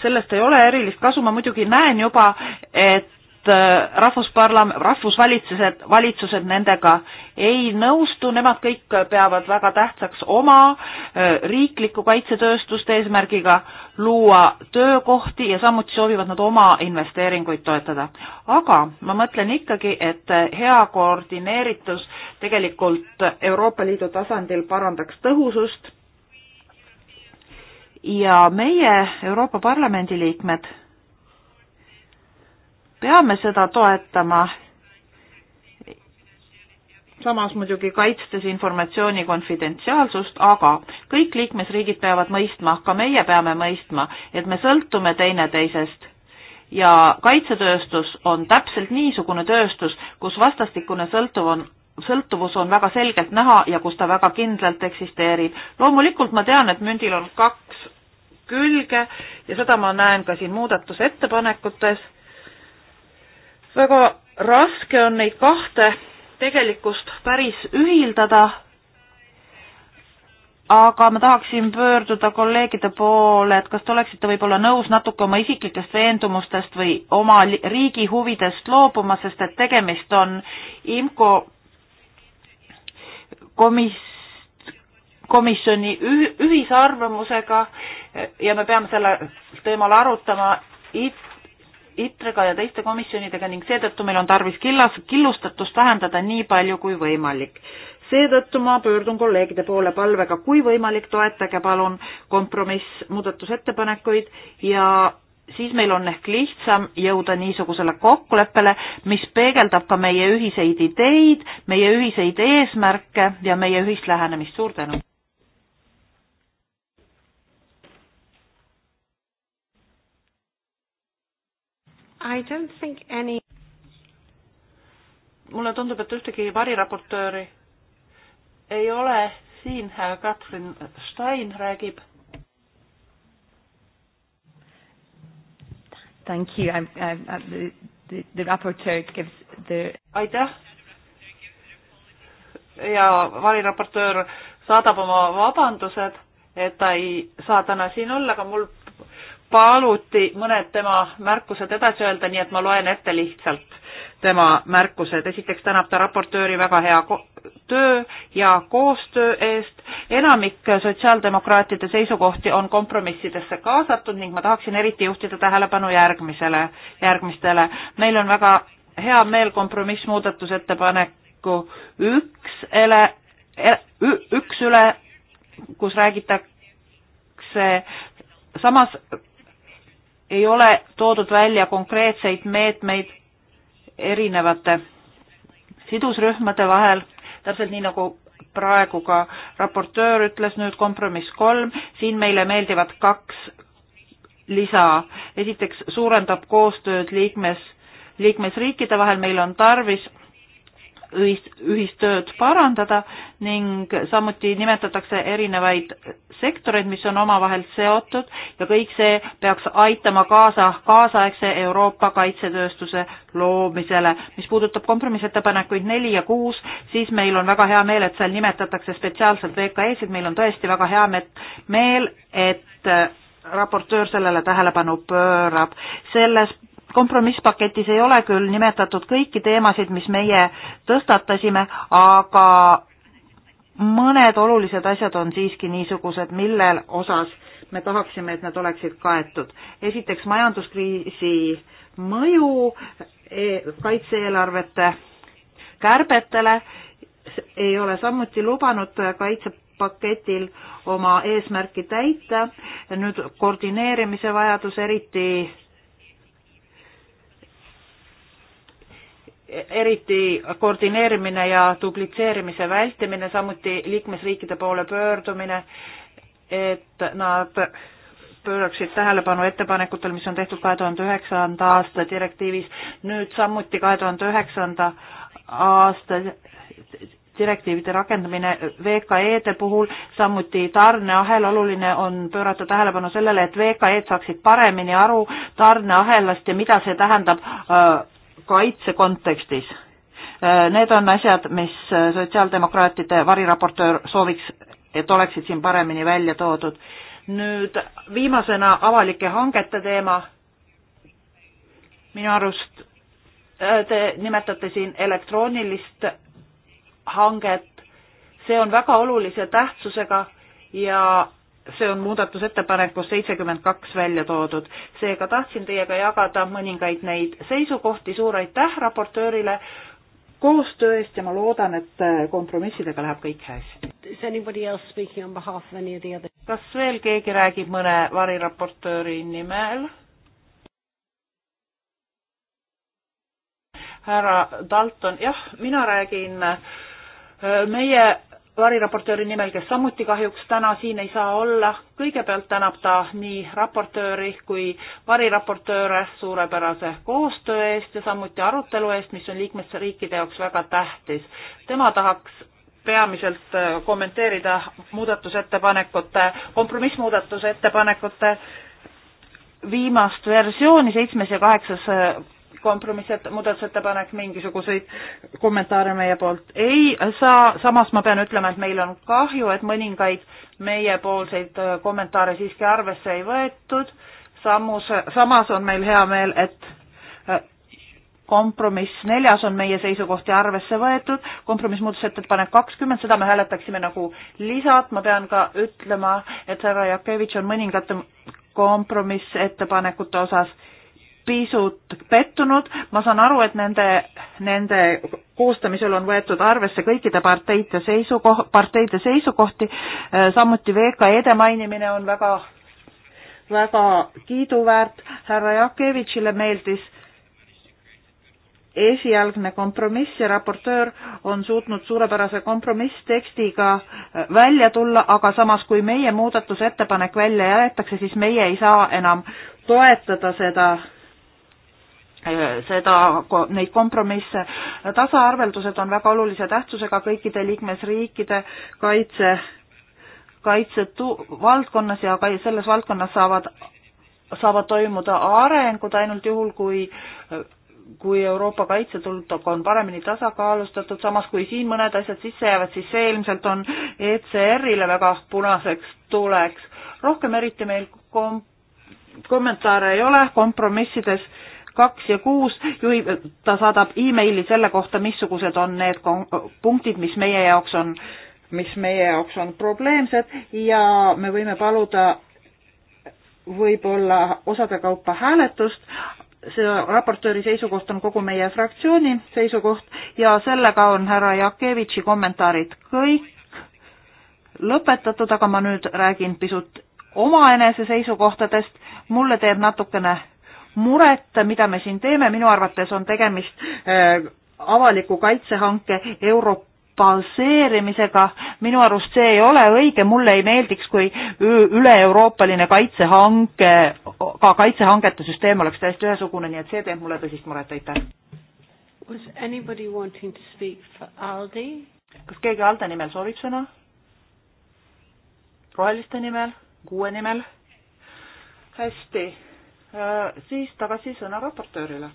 sellest ei ole erilist kasu, ma muidugi näen juba, et Äh, rahvusparlam-, rahvusvalitsused, valitsused nendega ei nõustu, nemad kõik peavad väga tähtsaks oma äh, riiklikku kaitsetööstust eesmärgiga luua töökohti ja samuti soovivad nad oma investeeringuid toetada. aga ma mõtlen ikkagi, et äh, hea koordineeritus tegelikult Euroopa Liidu tasandil parandaks tõhusust ja meie Euroopa Parlamendi liikmed peame seda toetama, samas muidugi kaitstes informatsiooni konfidentsiaalsust, aga kõik liikmesriigid peavad mõistma, ka meie peame mõistma, et me sõltume teineteisest ja kaitsetööstus on täpselt niisugune tööstus, kus vastastikune sõltuv on sõltuvus on väga selgelt näha ja kus ta väga kindlalt eksisteerib. loomulikult ma tean, et mündil on kaks külge ja seda ma näen ka siin muudatusettepanekutes väga raske on neid kahte tegelikkust päris ühildada, aga ma tahaksin pöörduda kolleegide poole, et kas te oleksite võib-olla nõus natuke oma isiklikest veendumustest või oma riigi huvidest loobuma, sest et tegemist on IMCO komis-, komisjoni ühisarvamusega ja me peame sellel teemal arutama it-, ITREga ja teiste komisjonidega ning seetõttu meil on tarvis killas, killustatust vähendada nii palju kui võimalik. seetõttu ma pöördun kolleegide poole palvega, kui võimalik, toetage palun kompromiss muudatusettepanekuid ja siis meil on ehk lihtsam jõuda niisugusele kokkuleppele, mis peegeldab ka meie ühiseid ideid, meie ühiseid eesmärke ja meie ühist lähenemist. suur tänu! I don't think any mulle tundub, et ühtegi variraportööri ei ole siin, Katrin Stein räägib. Thank you, I am the, the, the raportöör gives the aitäh! ja variraportöör saadab oma vabandused, et ta ei saa täna siin olla, aga mul paluti mõned tema märkused edasi öelda, nii et ma loen ette lihtsalt tema märkused. esiteks tänab ta raportööri väga hea töö ja koostöö eest. enamik sotsiaaldemokraatide seisukohti on kompromissidesse kaasatud ning ma tahaksin eriti juhtida tähelepanu järgmisele, järgmistele. meil on väga hea meel kompromiss muudatusettepaneku üks ele-, e-, üks üle, kus räägitakse samas ei ole toodud välja konkreetseid meetmeid erinevate sidusrühmade vahel, täpselt nii nagu praegu ka raportöör ütles nüüd kompromiss kolm, siin meile meeldivad kaks lisa. esiteks suurendab koostööd liikmes, liikmesriikide vahel, meil on tarvis ühist, ühistööd parandada ning samuti nimetatakse erinevaid sektoreid, mis on omavahel seotud ja kõik see peaks aitama kaasa kaasaegse Euroopa kaitsetööstuse loomisele. mis puudutab kompromissettepanekuid neli ja kuus, siis meil on väga hea meel, et seal nimetatakse spetsiaalselt VKE-sid, meil on tõesti väga hea meel, et äh, raportöör sellele tähelepanu pöörab. selles kompromisspaketis ei ole küll nimetatud kõiki teemasid, mis meie tõstatasime, aga mõned olulised asjad on siiski niisugused, millel osas me tahaksime, et nad oleksid kaetud. esiteks majanduskriisi mõju e-, kaitse-eelarvete kärbetele ei ole samuti lubanud kaitsepaketil oma eesmärki täita. nüüd koordineerimise vajadus, eriti eriti koordineerimine ja duplitseerimise vältimine, samuti liikmesriikide poole pöördumine, et nad pööraksid tähelepanu ettepanekutel, mis on tehtud kahe tuhande üheksanda aasta direktiivis, nüüd samuti kahe tuhande üheksanda aasta direktiivide rakendamine VKE-de puhul, samuti tarneahel, oluline on pöörata tähelepanu sellele, et VKE-d saaksid paremini aru tarneahelast ja mida see tähendab äh, kaitse kontekstis. Äh, need on asjad, mis äh, sotsiaaldemokraatide variraportöör sooviks, et oleksid siin paremini välja toodud. nüüd viimasena avalike hangete teema. minu arust äh, te nimetate siin elektroonilist hanget, see on väga olulise tähtsusega ja see on muudatusettepanekus seitsekümmend kaks välja toodud. seega tahtsin teiega jagada mõningaid neid seisukohti, suur aitäh raportöörile koostöö eest ja ma loodan, et kompromissidega läheb kõik hästi. kas veel keegi räägib mõne variraportööri nimel? härra Dalton, jah, mina räägin meie variraportööri nimel, kes samuti kahjuks täna siin ei saa olla. kõigepealt tänab ta nii raportööri kui variraportööre suurepärase koostöö eest ja samuti arutelu eest, mis on liikmesriikide jaoks väga tähtis. tema tahaks peamiselt äh, kommenteerida muudatusettepanekute, kompromissmuudatusettepanekute viimast versiooni, seitsmes ja kaheksas äh, kompromisset, muudatusettepanek, mingisuguseid kommentaare meie poolt ei saa, samas ma pean ütlema, et meil on kahju, et mõningaid meiepoolseid äh, kommentaare siiski arvesse ei võetud, samus, samas on meil hea meel, et äh, kompromiss neljas on meie seisukohti arvesse võetud, kompromiss muudatusettepanek kakskümmend, seda me hääletaksime nagu lisad, ma pean ka ütlema, et härra Jakevitš on mõningate kompromissettepanekute osas pisut pettunud, ma saan aru, et nende, nende koostamisel on võetud arvesse kõikide parteide seisukoh-, parteide seisukohti, äh, samuti VKE-de mainimine on väga, väga kiiduväärt, härra Jakevitšile meeldis esialgne kompromiss ja raportöör on suutnud suurepärase kompromisstekstiga äh, välja tulla, aga samas, kui meie muudatusettepanek välja jäetakse, siis meie ei saa enam toetada seda seda, neid kompromisse. tasaarveldused on väga olulise tähtsusega kõikide liikmesriikide kaitse, kaitsetu-, valdkonnas ja ka selles valdkonnas saavad, saavad toimuda arengud ainult juhul, kui kui Euroopa kaitsetultok on paremini tasakaalustatud, samas kui siin mõned asjad sisse jäävad, siis see ilmselt on ECR-ile väga punaseks tuleks. rohkem eriti meil kom-, kommentaare ei ole kompromissides äh, kaks ja kuus juhib, ta saadab emaili selle kohta, missugused on need punktid, mis meie jaoks on, mis meie jaoks on probleemsed ja me võime paluda võib-olla osade kaupa hääletust, see raportööri seisukoht on kogu meie fraktsiooni seisukoht ja sellega on härra Jakevitši kommentaarid kõik lõpetatud, aga ma nüüd räägin pisut omaenese seisukohtadest. mulle teeb natukene muret, mida me siin teeme, minu arvates on tegemist äh, avaliku kaitsehanke Euroopa baseerimisega, minu arust see ei ole õige, mulle ei meeldiks, kui üle-euroopaline kaitsehanke, ka kaitsehangete süsteem oleks täiesti ühesugune, nii et see teeb mulle tõsist muret, aitäh. Was anybody wanting to speak for Aldi? kas keegi Alde nimel soovib sõna? roheliste nimel, kuue nimel? hästi Äh, siis tagasi sõna raportöörile.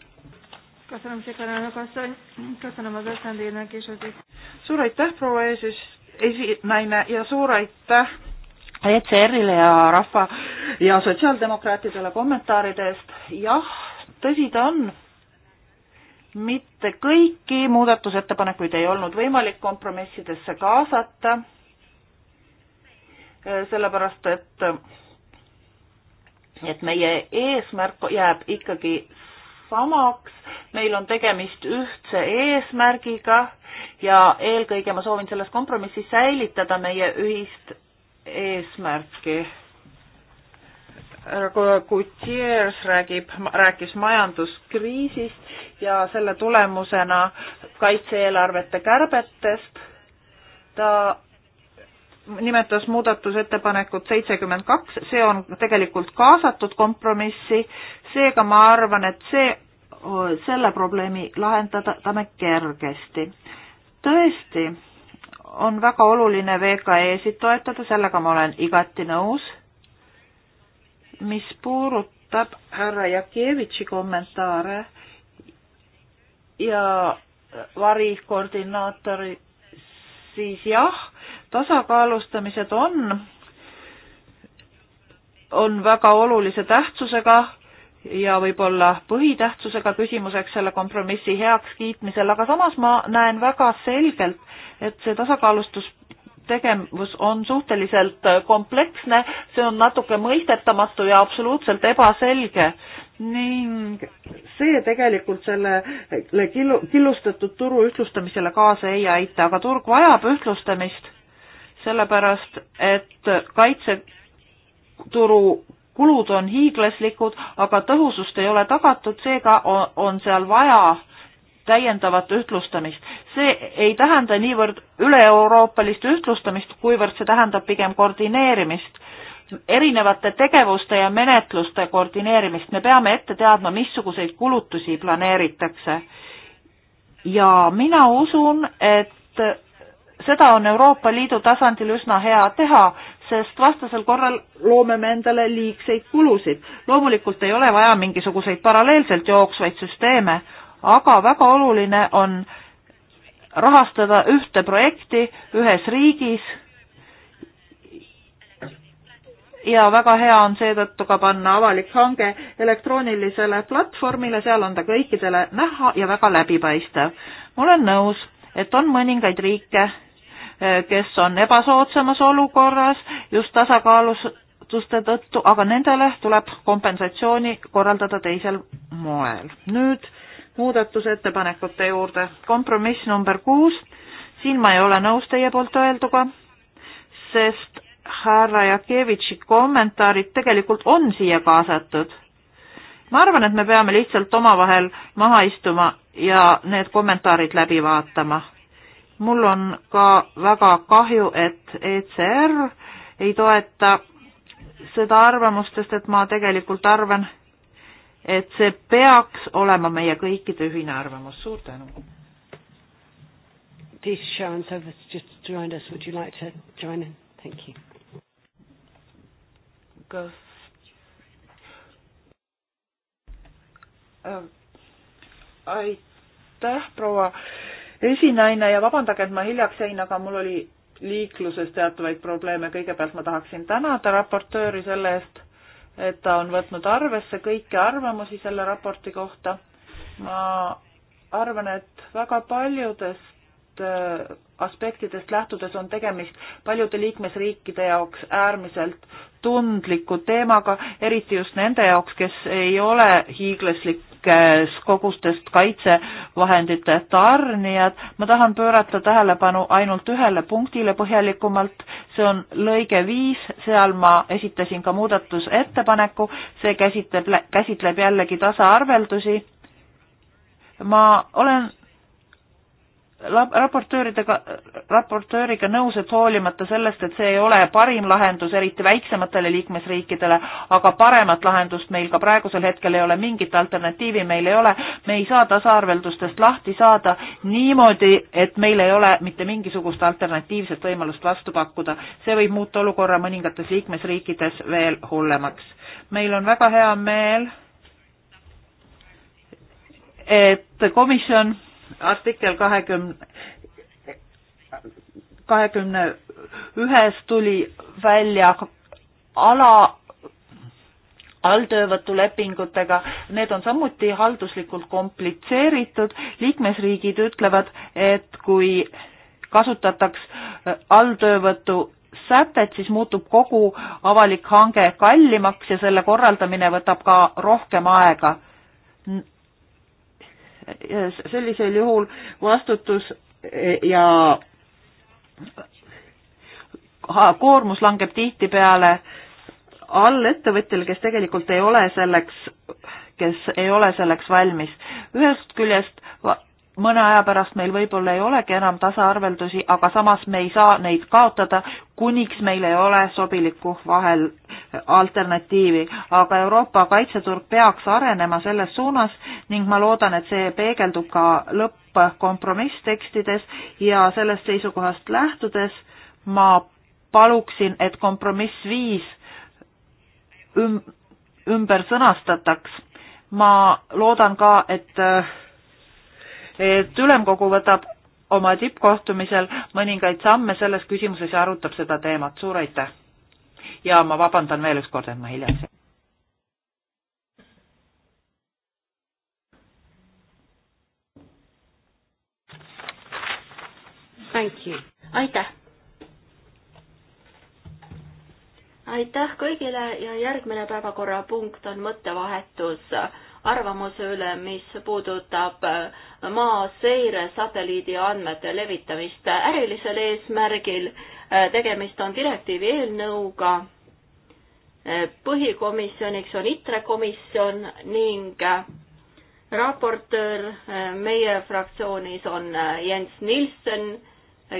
suur aitäh, proua eesist-, esinaine ja suur aitäh ECR-ile ja rahva ja sotsiaaldemokraatidele kommentaaride eest. jah, tõsi ta on, mitte kõiki muudatusettepanekuid ei olnud võimalik kompromissidesse kaasata, äh, sellepärast et nii et meie eesmärk jääb ikkagi samaks, meil on tegemist ühtse eesmärgiga ja eelkõige ma soovin selles kompromissis säilitada meie ühist eesmärki. Gutierrez räägib, rääkis majanduskriisist ja selle tulemusena kaitse-eelarvete kärbetest. ta nimetas muudatusettepanekut seitsekümmend kaks, see on tegelikult kaasatud kompromissi, seega ma arvan, et see, selle probleemi lahendame kergesti. tõesti, on väga oluline VKE-sid toetada, sellega ma olen igati nõus. mis puudutab härra Jakevitši kommentaare ja varikoordinaatori, siis jah, tasakaalustamised on, on väga olulise tähtsusega ja võib-olla põhitähtsusega küsimuseks selle kompromissi heakskiitmisel, aga samas ma näen väga selgelt, et see tasakaalustus tegevus on suhteliselt kompleksne, see on natuke mõistetamatu ja absoluutselt ebaselge ning see tegelikult sellele killu, killustatud turu ühtlustamisele kaasa ei aita, aga turg vajab ühtlustamist sellepärast et kaitseturu kulud on hiiglaslikud, aga tõhusust ei ole tagatud, seega on, on seal vaja täiendavat ühtlustamist. see ei tähenda niivõrd üle-euroopalist ühtlustamist, kuivõrd see tähendab pigem koordineerimist, erinevate tegevuste ja menetluste koordineerimist. me peame ette teadma, missuguseid kulutusi planeeritakse. ja mina usun, et seda on Euroopa Liidu tasandil üsna hea teha, sest vastasel korral loome me endale liigseid kulusid. loomulikult ei ole vaja mingisuguseid paralleelselt jooksvaid süsteeme, aga väga oluline on rahastada ühte projekti ühes riigis ja väga hea on seetõttu ka panna avalik hange elektroonilisele platvormile, seal on ta kõikidele näha ja väga läbipaistev. ma olen nõus, et on mõningaid riike, Eh, kes on ebasoodsamas olukorras just tasakaalustuste tõttu, aga nendele tuleb kompensatsiooni korraldada teisel moel. nüüd muudatusettepanekute juurde. kompromiss number kuus, siin ma ei ole nõus teie poolt öelduga, sest härra Jakevitši kommentaarid tegelikult on siia kaasatud. ma arvan, et me peame lihtsalt omavahel maha istuma ja need kommentaarid läbi vaatama mul on ka väga kahju, et ECR ei toeta seda arvamust, sest et ma tegelikult arvan, et see peaks olema meie kõikide ühine arvamus, suur tänu. These Sharon Service just joined us, would you like to join in? Thank you. kas äh, um, aitäh, proua äh, esinaine ja vabandage, et ma hiljaks jäin, aga mul oli liikluses teatavaid probleeme. kõigepealt ma tahaksin tänada raportööri selle eest, et ta on võtnud arvesse kõiki arvamusi selle raporti kohta. ma arvan, et väga paljudes Äh, aspektidest lähtudes on tegemist paljude liikmesriikide jaoks äärmiselt tundliku teemaga, eriti just nende jaoks, kes ei ole hiiglaslikes kogustest kaitsevahendite tarnijad. ma tahan pöörata tähelepanu ainult ühele punktile põhjalikumalt, see on lõige viis, seal ma esitasin ka muudatusettepaneku, see käsitleb, käsitleb jällegi tasaarveldusi. ma olen raportööridega, raportööriga nõus, et hoolimata sellest, et see ei ole parim lahendus, eriti väiksematele liikmesriikidele, aga paremat lahendust meil ka praegusel hetkel ei ole, mingit alternatiivi meil ei ole, me ei saa tasaarveldustest lahti saada niimoodi, et meil ei ole mitte mingisugust alternatiivset võimalust vastu pakkuda. see võib muuta olukorra mõningates liikmesriikides veel hullemaks. meil on väga hea meel, et komisjon artikkel kahekümne, kahekümne ühes tuli välja ala alltöövõtulepingutega, need on samuti halduslikult komplitseeritud, liikmesriigid ütlevad, et kui kasutataks alltöövõtu sätet, siis muutub kogu avalik hange kallimaks ja selle korraldamine võtab ka rohkem aega sellisel juhul vastutus eh, ja koormus langeb tihtipeale allettevõtjal, kes tegelikult ei ole selleks, kes ei ole selleks valmis. ühest küljest mõne aja pärast meil võib-olla ei olegi enam tasaarveldusi, aga samas me ei saa neid kaotada, kuniks meil ei ole sobilikku vahel äh, alternatiivi. aga Euroopa kaitseturg peaks arenema selles suunas ning ma loodan, et see peegeldub ka lõppkompromisstekstides ja sellest seisukohast lähtudes ma paluksin, et kompromiss viis üm-, ümber sõnastataks. ma loodan ka, et äh, et ülemkogu võtab oma tippkohtumisel mõningaid samme selles küsimuses ja arutab seda teemat. suur aitäh! ja ma vabandan veel ükskord, et ma hiljaks jäin. Thank you. aitäh! aitäh kõigile ja järgmine päevakorrapunkt on mõttevahetus arvamuse üle, mis puudutab äh, maaseire satelliidi andmete levitamist ärilisel eesmärgil. Äh, tegemist on direktiivi eelnõuga. Äh, põhikomisjoniks on ITRE komisjon ning raportöör meie fraktsioonis on Jens Nilsen,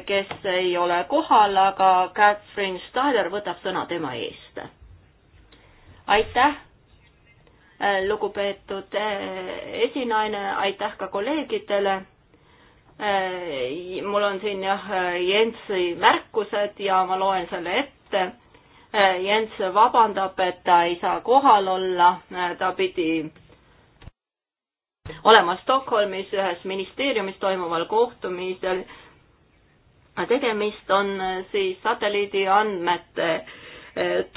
kes ei ole kohal, aga Catherine Steiner võtab sõna tema eest. aitäh Äh, lugupeetud äh, esinaine, aitäh ka kolleegidele. Äh, mul on siin jah Jensi märkused ja ma loen selle ette. Jens vabandab, et ta ei saa kohal olla, ta pidi olema Stockholmis ühes ministeeriumis toimuval kohtumisel. tegemist on siis satelliidiandmete äh,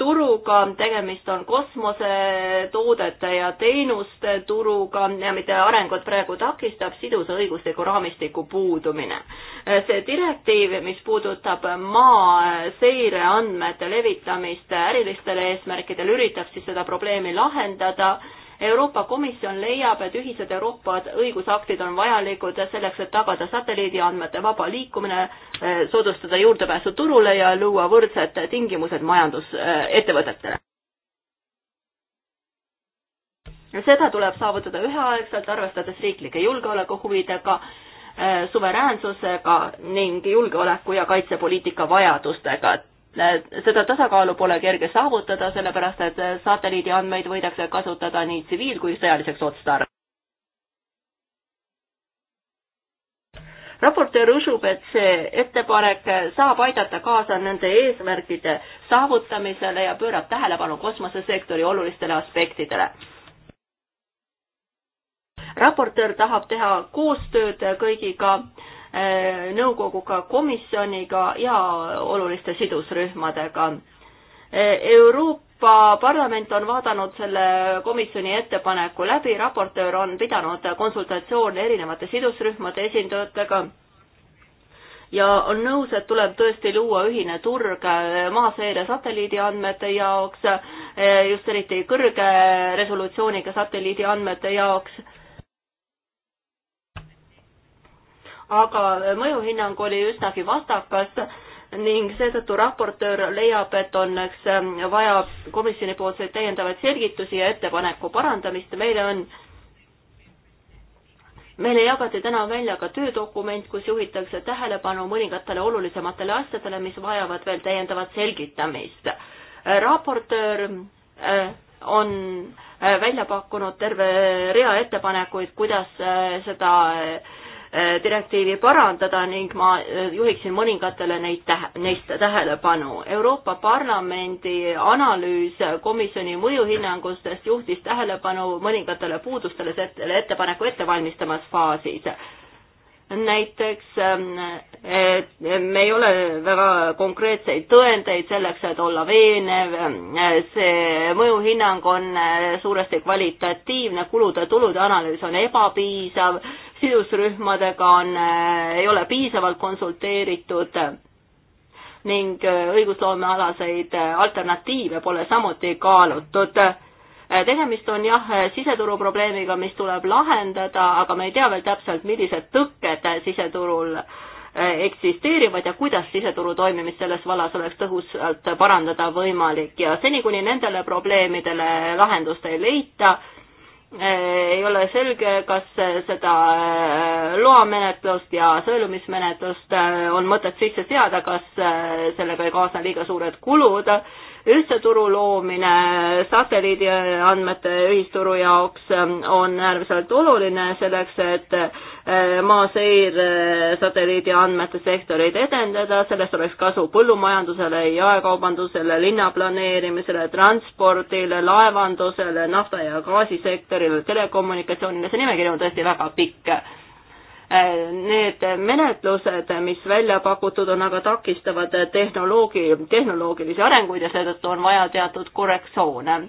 turuga, tegemist on kosmosetoodete ja teenuste turuga ja mida arengut praegu takistab sidusa õigusliku raamistiku puudumine. see direktiiv, mis puudutab maaseire andmete levitamist ärilistele eesmärkidele, üritab siis seda probleemi lahendada Euroopa Komisjon leiab, et ühised Euroopa õigusaktid on vajalikud selleks, et tagada satelliidiandmete vaba liikumine, eh, soodustada juurdepääsu turule ja luua võrdsed tingimused majandusettevõtetele seda tuleb saavutada üheaegselt, arvestades riiklike julgeolekuhuvidega, eh, suveräänsusega ning julgeoleku ja kaitsepoliitika vajadustega. Äh, seda tasakaalu pole kerge saavutada, sellepärast et äh, satelliidi andmeid võidakse kasutada nii tsiviil- kui sõjaliseks otstarbeks. raportöör usub, et see ettepanek saab aidata kaasa nende eesmärkide saavutamisele ja pöörab tähelepanu kosmosesektori olulistele aspektidele raportöör tahab teha koostööd kõigiga Äh, nõukoguga, komisjoniga ja oluliste sidusrühmadega. Äh, Euroopa Parlament on vaadanud selle komisjoni ettepaneku läbi, raportöör on pidanud konsultatsioone erinevate sidusrühmade esindajatega ja on nõus, et tuleb tõesti luua ühine turg äh, maaseire satelliidiandmete jaoks, just eriti kõrge resolutsiooniga satelliidiandmete jaoks aga mõjuhinnang oli üsnagi vastakas ning seetõttu raportöör leiab, et on eks vaja komisjoni poolseid täiendavaid selgitusi ja ettepaneku parandamist, meile on meile jagati täna välja ka töödokument, kus juhitakse tähelepanu mõningatele olulisematele asjadele, mis vajavad veel täiendavat selgitamist. raportöör äh, on äh, välja pakkunud terve rea ettepanekuid, kuidas äh, seda Äh, direktiivi parandada ning ma äh, juhiksin mõningatele neid tähe, neist tähelepanu. Euroopa Parlamendi analüüs komisjoni mõjuhinnangustest juhtis tähelepanu mõningatele puudustele selle ettepaneku ettevalmistamas faasis näiteks ähm, me ei ole väga konkreetseid tõendeid selleks, et olla veenev, äh, see mõjuhinnang on suuresti kvalitatiivne, kulude-tulude analüüs on ebapiisav sidusrühmadega on, äh, ei ole piisavalt konsulteeritud ning äh, õigusloomealaseid äh, alternatiive pole samuti kaalutud. tegemist on jah, siseturu probleemiga, mis tuleb lahendada, aga me ei tea veel täpselt, millised tõkked siseturul eksisteerivad ja kuidas siseturu toimimist selles vallas oleks tõhusalt parandada võimalik ja seni, kuni nendele probleemidele lahendust ei leita, Äh, ei ole selge, kas seda äh, loamenetlust ja sõelumismenetlust äh, on mõtet sisse seada, kas sellega ei kaasne liiga suured kulud ühtse turu loomine satelliidiandmete ühisturu jaoks ähm, on äärmiselt oluline selleks, et äh, maaseire äh, satelliidiandmete sektoreid edendada, sellest oleks kasu põllumajandusele, jaekaubandusele, linnaplaneerimisele, transpordile, laevandusele, nafta- ja gaasisektorile, telekommunikatsioonile, see nimekiri on tõesti väga pikk Need menetlused, mis välja pakutud on, aga takistavad tehnoloogi, tehnoloogilisi arenguid ja seetõttu on vaja teatud korrektsioone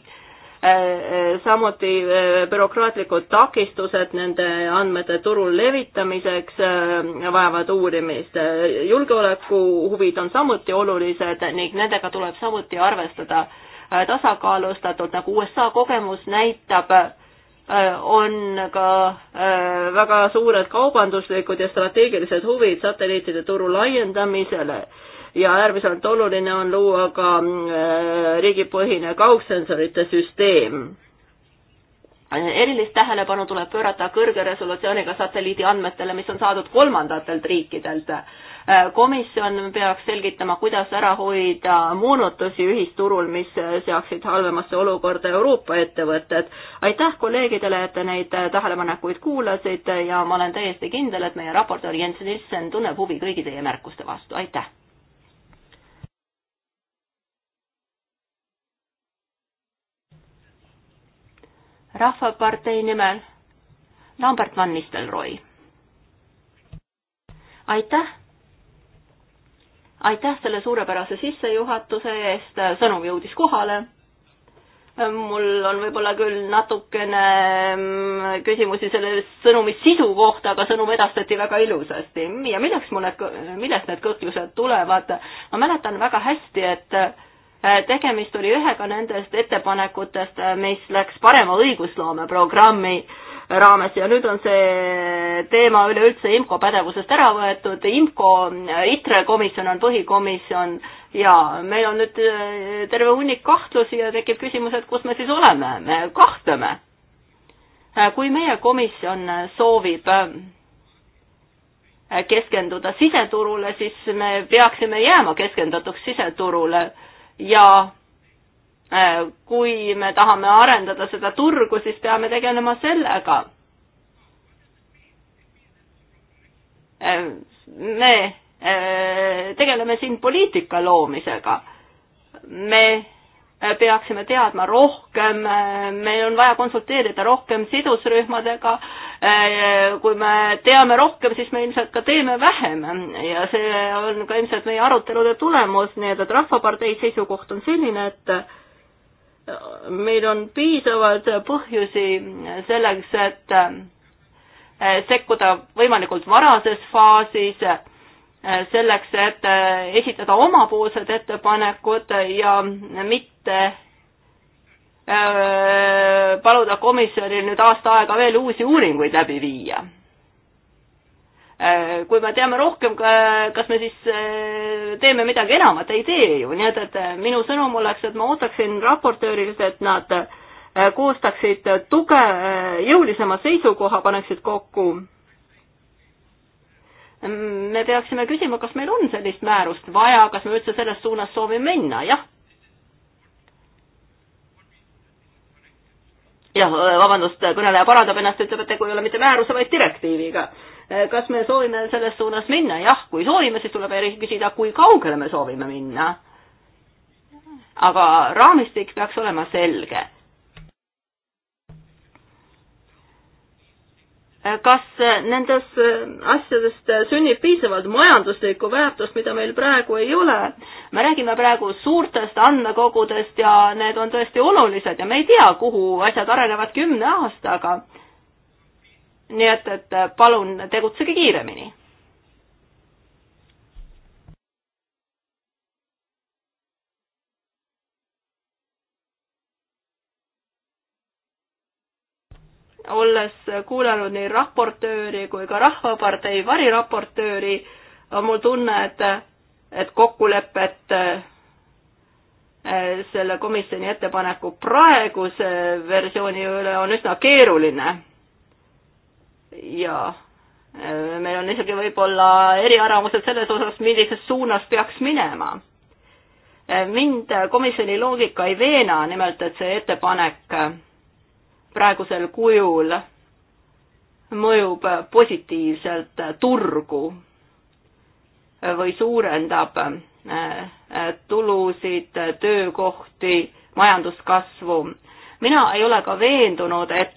samuti eh, bürokraatlikud takistused nende andmete turul levitamiseks eh, vajavad uurimist. julgeolekuhuvid on samuti olulised ning nendega tuleb samuti arvestada eh, tasakaalustatult, nagu USA kogemus näitab Äh, on ka äh, väga suured kaubanduslikud ja strateegilised huvid satelliitide turu laiendamisele ja äärmiselt oluline on luua ka äh, riigipõhine kaugsensorite süsteem. erilist tähelepanu tuleb pöörata kõrge resolutsiooniga satelliidi andmetele, mis on saadud kolmandatelt riikidelt Äh, komisjon peaks selgitama, kuidas ära hoida moonutusi ühisturul, mis seaksid halvemasse olukorda Euroopa ettevõtted. aitäh kolleegidele, et te neid tähelepanekuid kuulasite ja ma olen täiesti kindel, et meie raportöör Jens Nissen tunneb huvi kõigi teie märkuste vastu, aitäh! rahvapartei nimel Lambert Van Nistelrooy. aitäh! aitäh selle suurepärase sissejuhatuse eest, sõnum jõudis kohale. mul on võib-olla küll natukene mm, küsimusi selle sõnumi sisu kohta, aga sõnum edastati väga ilusasti. ja milleks mul need, millest need kõhklused tulevad? ma mäletan väga hästi, et äh, tegemist oli ühega nendest ettepanekutest, mis läks parema õigusloome programmi äh, raames ja nüüd on see teema üleüldse IMCO pädevusest ära võetud. IMCO, ITRE komisjon on põhikomisjon ja meil on nüüd äh, terve hunnik kahtlusi ja tekib küsimus, et kus me siis oleme, me kahtleme. Äh, kui meie komisjon soovib äh, keskenduda siseturule, siis me peaksime jääma keskendutuks siseturule ja Äh, kui me tahame arendada seda turgu, siis peame tegelema sellega. Äh, me äh, tegeleme siin poliitika loomisega. me peaksime teadma rohkem, meil on vaja konsulteerida rohkem sidusrühmadega. kui me teame rohkem, siis me ilmselt ka teeme vähem ja see on ka ilmselt meie arutelude tulemus, nii et, et Rahvapartei seisukoht on selline, et meil on piisavalt põhjusi selleks, et äh, sekkuda võimalikult varases faasis, äh, selleks, et äh, esitada omapoolsed ettepanekud ja mitte paluda komisjonil nüüd aasta aega veel uusi uuringuid läbi viia Äh, kui me teame rohkem, kas me siis äh, teeme midagi enamat, ei tee ju, nii et, et äh, minu sõnum oleks, et ma ootaksin raportöörilt, et nad koostaksid tuge, jõulisema seisukoha, paneksid kokku. me peaksime küsima, kas meil on sellist määrust vaja, kas me üldse selles suunas soovime minna, jah jah, vabandust, kõneleja parandab ennast, ütleb, et tegu ei ole mitte määruse, vaid direktiiviga Eh, kas me soovime selles suunas minna? jah, kui soovime, siis tuleb küsida, kui kaugele me soovime minna. aga raamistik peaks olema selge. Eh, kas eh, nendest asjadest sünnib piisavalt majanduslikku väärtust, mida meil praegu ei ole? me räägime praegu suurtest andmekogudest ja need on tõesti olulised ja me ei tea, kuhu asjad arenevad kümne aastaga nii et, et äh, palun tegutsege kiiremini. olles kuulanud nii raportööri kui ka Rahvapartei variraportööri, on mul tunne, et, et kokkulepet äh, selle komisjoni ettepaneku praeguse versiooni üle on üsna keeruline ja äh, meil on isegi võib-olla eriarvamused selles osas, millises suunas peaks minema. Äh, mind komisjoni loogika ei veena, nimelt et see ettepanek äh, praegusel kujul mõjub positiivselt turgu või suurendab tulusid, töökohti, majanduskasvu. mina ei ole ka veendunud, et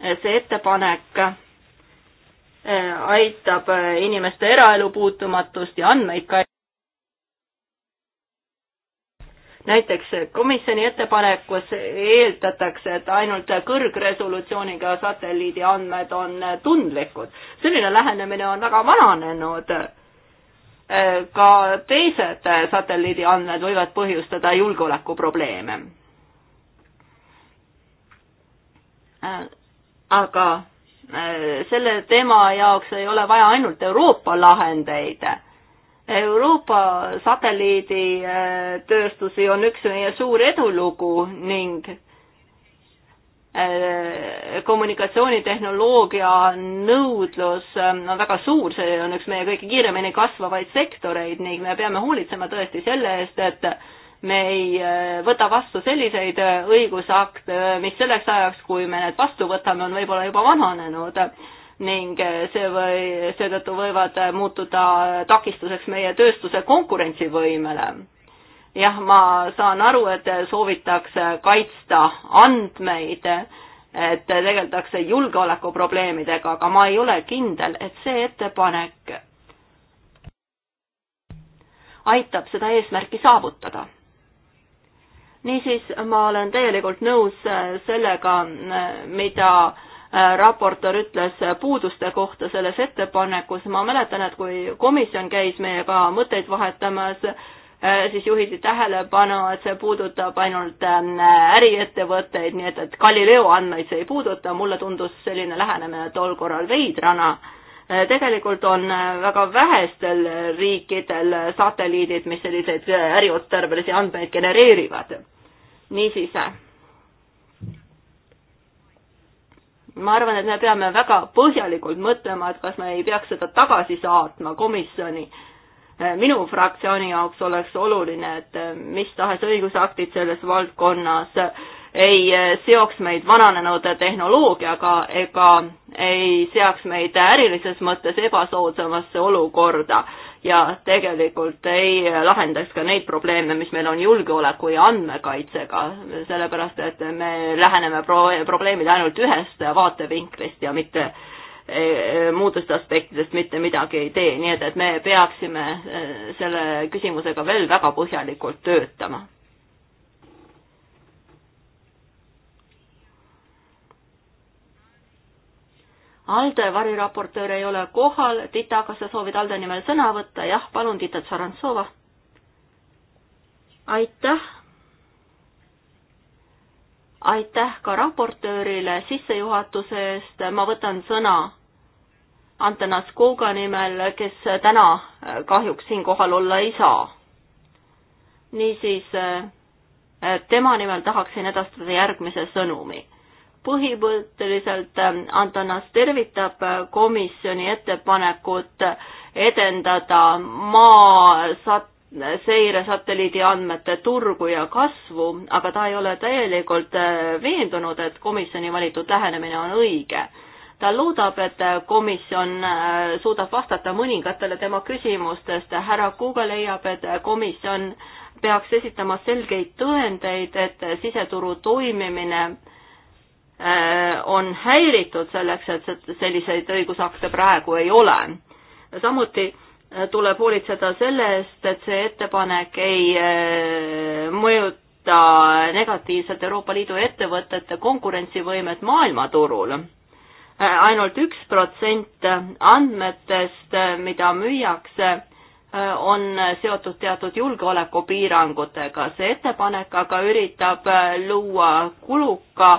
see ettepanek äh, aitab äh, inimeste eraelu puutumatust ja andmeid ka. näiteks komisjoni ettepanekus eeldatakse, et ainult kõrgresolutsiooniga satelliidi andmed on tundlikud. selline lähenemine on väga vananenud. Äh, ka teised satelliidi andmed võivad põhjustada julgeolekuprobleeme aga äh, selle teema jaoks ei ole vaja ainult Euroopa lahendeid. Euroopa satelliiditööstusi äh, on üks meie suur edulugu ning äh, kommunikatsioonitehnoloogia nõudlus ähm, on väga suur, see on üks meie kõige kiiremini kasvavaid sektoreid ning me peame hoolitsema tõesti selle eest, et me ei äh, võta vastu selliseid äh, õigusakte, äh, mis selleks ajaks, kui me need vastu võtame, on võib-olla juba vananenud ning see või seetõttu võivad muutuda takistuseks meie tööstuse konkurentsivõimele. jah, ma saan aru, et soovitakse kaitsta andmeid, et tegeldakse julgeolekuprobleemidega, aga ma ei ole kindel, et see ettepanek aitab seda eesmärki saavutada niisiis, ma olen täielikult nõus äh, sellega, äh, mida äh, raportöör ütles puuduste kohta selles ettepanekus, ma mäletan, et kui komisjon käis meiega mõtteid vahetamas, siis juhiti tähelepanu, et see puudutab ainult äriettevõtteid, nii et, et Galileo andmeid see ei puuduta, mulle tundus selline lähenemine tol korral veidrana Äh, tegelikult on äh, väga vähestel äh, riikidel satelliidid, mis selliseid äriotstarbelisi andmeid genereerivad. niisiis, ma arvan, et me peame väga põhjalikult mõtlema, et kas me ei peaks seda tagasi saatma komisjoni. minu fraktsiooni jaoks oleks oluline, et mis tahes õigusaktid selles valdkonnas äh, ei eh, seoks meid vananenud tehnoloogiaga ega ei seaks meid ärilises mõttes ebasoodsamasse olukorda ja tegelikult ei lahendaks ka neid probleeme, mis meil on julgeoleku ja andmekaitsega, sellepärast et me läheneme pro-, probleemile ainult ühest vaatevinklist ja mitte eh, muudest aspektidest mitte midagi ei tee, nii et, et me peaksime eh, selle küsimusega veel väga põhjalikult töötama ALDE variraportöör ei ole kohal, Tita, kas sa soovid ALDE nimel sõna võtta? jah, palun, Tita Tšarantsova. aitäh. aitäh ka raportöörile sissejuhatuse eest, ma võtan sõna Antenas Kuuga nimel, kes täna äh, kahjuks siinkohal olla ei saa. niisiis, äh, tema nimel tahaksin edastada järgmise sõnumi põhimõtteliselt äh, Antonas tervitab äh, komisjoni ettepanekut edendada maa sat-, seiresatelliidi andmete turgu ja kasvu, aga ta ei ole täielikult äh, veendunud, et komisjoni valitud lähenemine on õige. ta loodab, et komisjon suudab vastata mõningatele tema küsimustest, härra Kuuga leiab, et komisjon peaks esitama selgeid tõendeid, et siseturu toimimine äh, Äh, on häiritud selleks, et selliseid õigusakte praegu ei ole. samuti äh, tuleb hoolitseda selle eest, et see ettepanek ei äh, mõjuta negatiivselt Euroopa Liidu ettevõtete konkurentsivõimet maailmaturul ainult üks protsent andmetest, mida müüakse, on seotud teatud julgeolekupiirangutega. see ettepanek aga üritab luua kuluka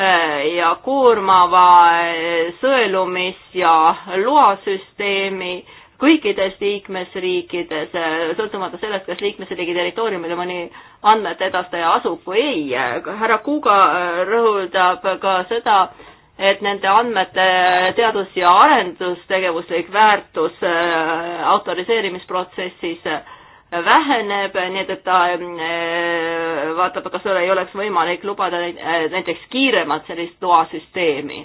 Äh, ja koormava äh, sõelumis- ja loasüsteemi kõikides liikmesriikides, äh, sõltumata sellest, kas liikmesriigi territooriumil mõni andmete edastaja asub või ei. härra Kuga rõhutab ka seda, et nende andmete teadus- ja arendustegevuslik väärtus autoriseerimisprotsessis väheneb, nii et, et ta äh, vaatab, kas ei oleks võimalik lubada äh, näiteks kiiremat sellist loasüsteemi.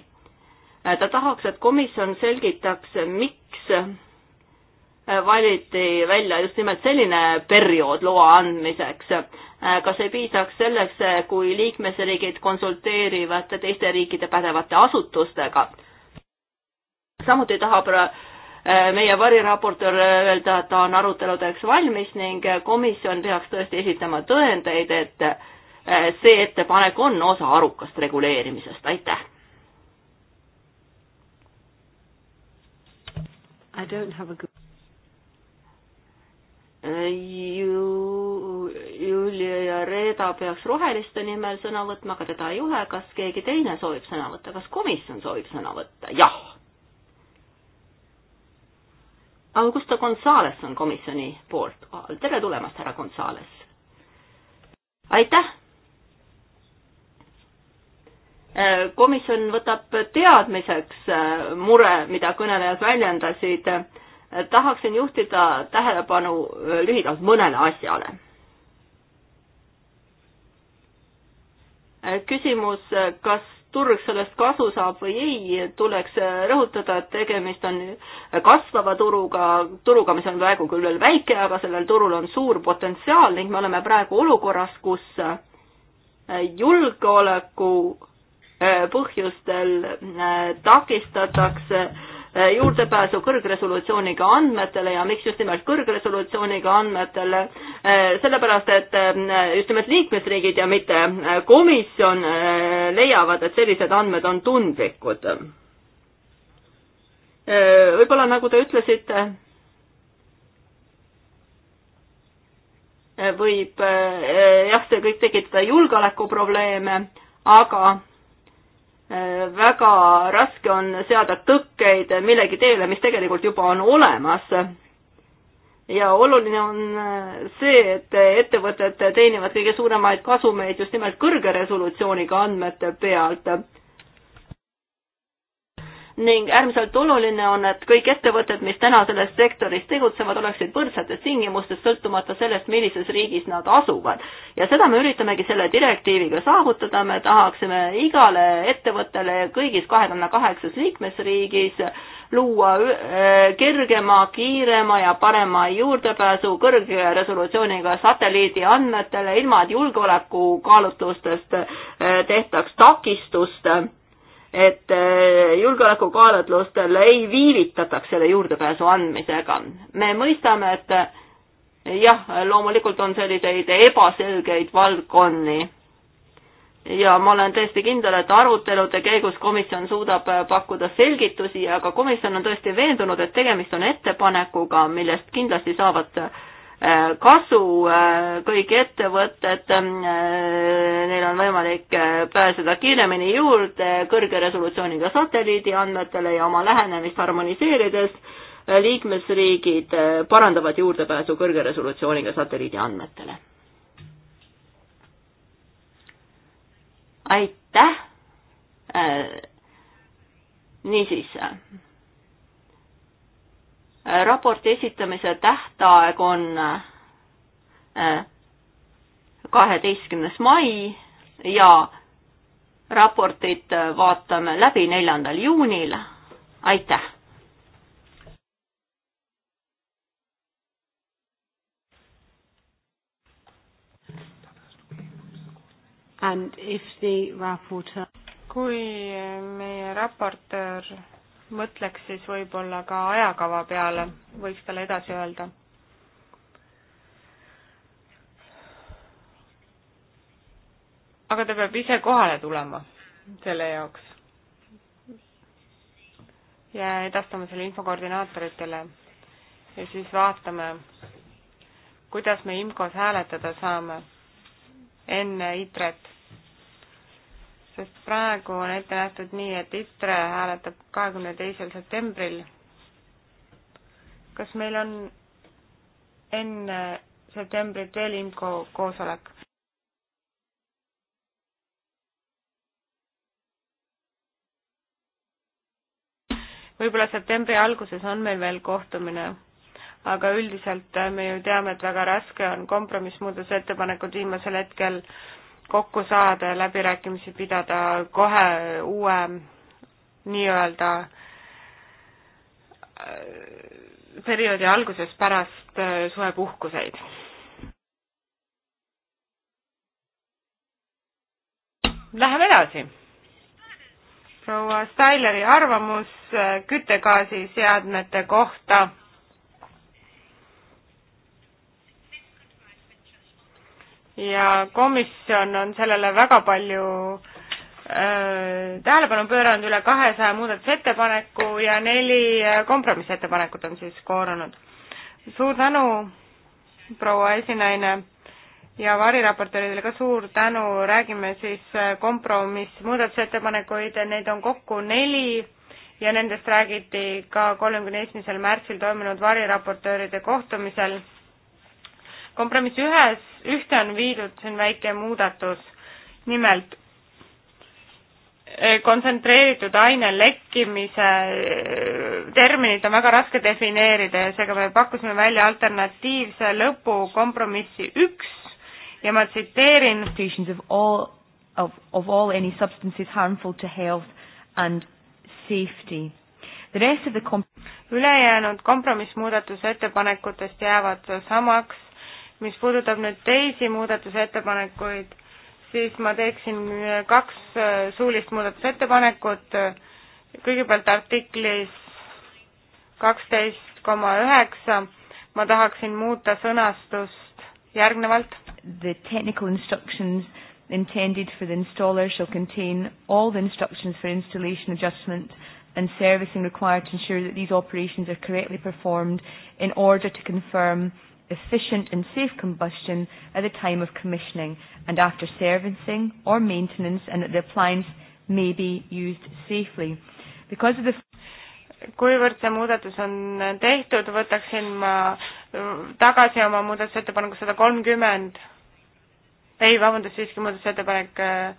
Äh, ta tahaks, et komisjon selgitaks, miks valiti välja just nimelt selline periood loa andmiseks. kas ei piisaks selleks, kui liikmesriigid konsulteerivad teiste riikide pädevate asutustega? samuti tahab Eh, meie variraportöör öelda, eh, et ta on aruteludeks valmis ning eh, komisjon peaks tõesti esitama tõendeid, et see ettepanek on osa arukast reguleerimisest, aitäh. I don't have a good ju-, Julia ja Reeda peaks roheliste nimel sõna võtma, aga teda ei ole, kas keegi teine soovib sõna võtta, kas komisjon soovib sõna võtta? jah Augusto Gonzales on komisjoni poolt. tere tulemast, härra Gonzales! aitäh! Äh, komisjon võtab teadmiseks äh, mure, mida kõnelejad väljendasid. Äh, tahaksin juhtida tähelepanu lühidalt mõnele asjale. küsimus, kas turg sellest kasu saab või ei, tuleks rõhutada, et tegemist on kasvava turuga, turuga, mis on praegu küll veel väike, aga sellel turul on suur potentsiaal ning me oleme praegu olukorras, kus julgeoleku põhjustel takistatakse äh, Äh, juurdepääsu kõrgresolutsiooniga andmetele ja miks just nimelt kõrgresolutsiooniga andmetele, äh, sellepärast et äh, just nimelt liikmesriigid ja mitte komisjon leiavad, et sellised andmed on tundlikud. võib-olla nagu te ütlesite, võib jah, see kõik tekitada julgeolekuprobleeme, aga väga raske on seada tõkkeid millegi teele, mis tegelikult juba on olemas. ja oluline on see, et ettevõtted teenivad kõige suuremaid kasumeid just nimelt kõrge resolutsiooniga andmete pealt ning äärmiselt oluline on, et kõik ettevõtted, mis täna selles sektoris tegutsevad, oleksid võrdsetes tingimustes, sõltumata sellest, millises riigis nad asuvad. ja seda me üritamegi selle direktiiviga saavutada, me tahaksime igale ettevõttele kõigis kahekümne kaheksas liikmesriigis luua äh, kergema, kiirema ja parema juurdepääsu kõrge resolutsiooniga satelliidiandmetele, ilma et julgeolekukaalutlustest äh, tehtaks takistust et eh, julgeolekukaalutlustel ei viivitataks selle juurdepääsu andmisega. me mõistame, et eh, jah, loomulikult on selliseid ebaselgeid valdkondi ja ma olen tõesti kindel, et arutelude käigus komisjon suudab eh, pakkuda selgitusi, aga komisjon on tõesti veendunud, et tegemist on ettepanekuga, millest kindlasti saavad Äh, kasu äh, kõik ettevõtted, äh, neil on võimalik pääseda kiiremini juurde kõrge resolutsiooniga satelliidi andmetele ja oma lähenemist harmoniseerides liikmesriigid parandavad juurdepääsu kõrge resolutsiooniga satelliidi andmetele. aitäh! niisiis Äh, raporti esitamise tähtaeg on äh, kaheteistkümnes mai ja raportit äh, vaatame läbi neljandal juunil. aitäh! And if the rapporteur kui meie raportöör mõtleks siis võib-olla ka ajakava peale, võiks talle edasi öelda. aga ta peab ise kohale tulema selle jaoks ja edastame selle info koordinaatoritele ja siis vaatame, kuidas me IMCO-s hääletada saame enne ITRE-t sest praegu on ette nähtud nii, et ITRE hääletab kahekümne teisel septembril. kas meil on enne septembrit veel IMCO koosolek? võib-olla septembri alguses on meil veel kohtumine, aga üldiselt me ju teame, et väga raske on kompromissmuudatusettepanekud viimasel hetkel äh, kokku saada ja läbirääkimisi pidada kohe uue nii-öelda äh, perioodi alguses pärast äh, suvepuhkuseid. Läheme edasi. proua Styleri arvamus äh, küttegaasiseadmete kohta ja komisjon on sellele väga palju öö, äh, tähelepanu pööranud, üle kahesaja muudatusettepaneku ja neli äh, kompromissettepanekut on siis koorunud. suur tänu, proua esinaine ja variraportööridele ka suur tänu, räägime siis äh, kompromiss, muudatusettepanekuid, neid on kokku neli ja nendest räägiti ka kolmekümne esimesel märtsil toimunud variraportööride kohtumisel kompromiss ühes, ühte on viidud, see on väike muudatus, nimelt eh, kontsentreeritud aine lekkimise eh, terminit on väga raske defineerida ja seega me pakkusime välja alternatiivse lõpu kompromissi üks ja ma tsiteerin of all, of, of all any substances harmful to health and safety. The rest of the kom- ülejäänud kompromissmuudatuse ettepanekutest jäävad samaks mis puudutab nüüd teisi muudatusettepanekuid, siis ma teeksin kaks äh, suulist muudatusettepanekut, kõigepealt artiklis kaksteist koma üheksa ma tahaksin muuta sõnastust järgnevalt. The technical instructions intended for the installer shall contain all the instructions for installation adjustment and servicing required to ensure that these operations are correctly performed in order to confirm efficient and safe combustion at the time of commissioning and after servicing or maintenance and that the appliance may be used safely. Because of the kuivõrd see muudatus on tehtud, võtaksin ma tagasi oma muudatusettepaneku sada kolmkümmend, ei, vabandust, siiski muudatusettepanek äh,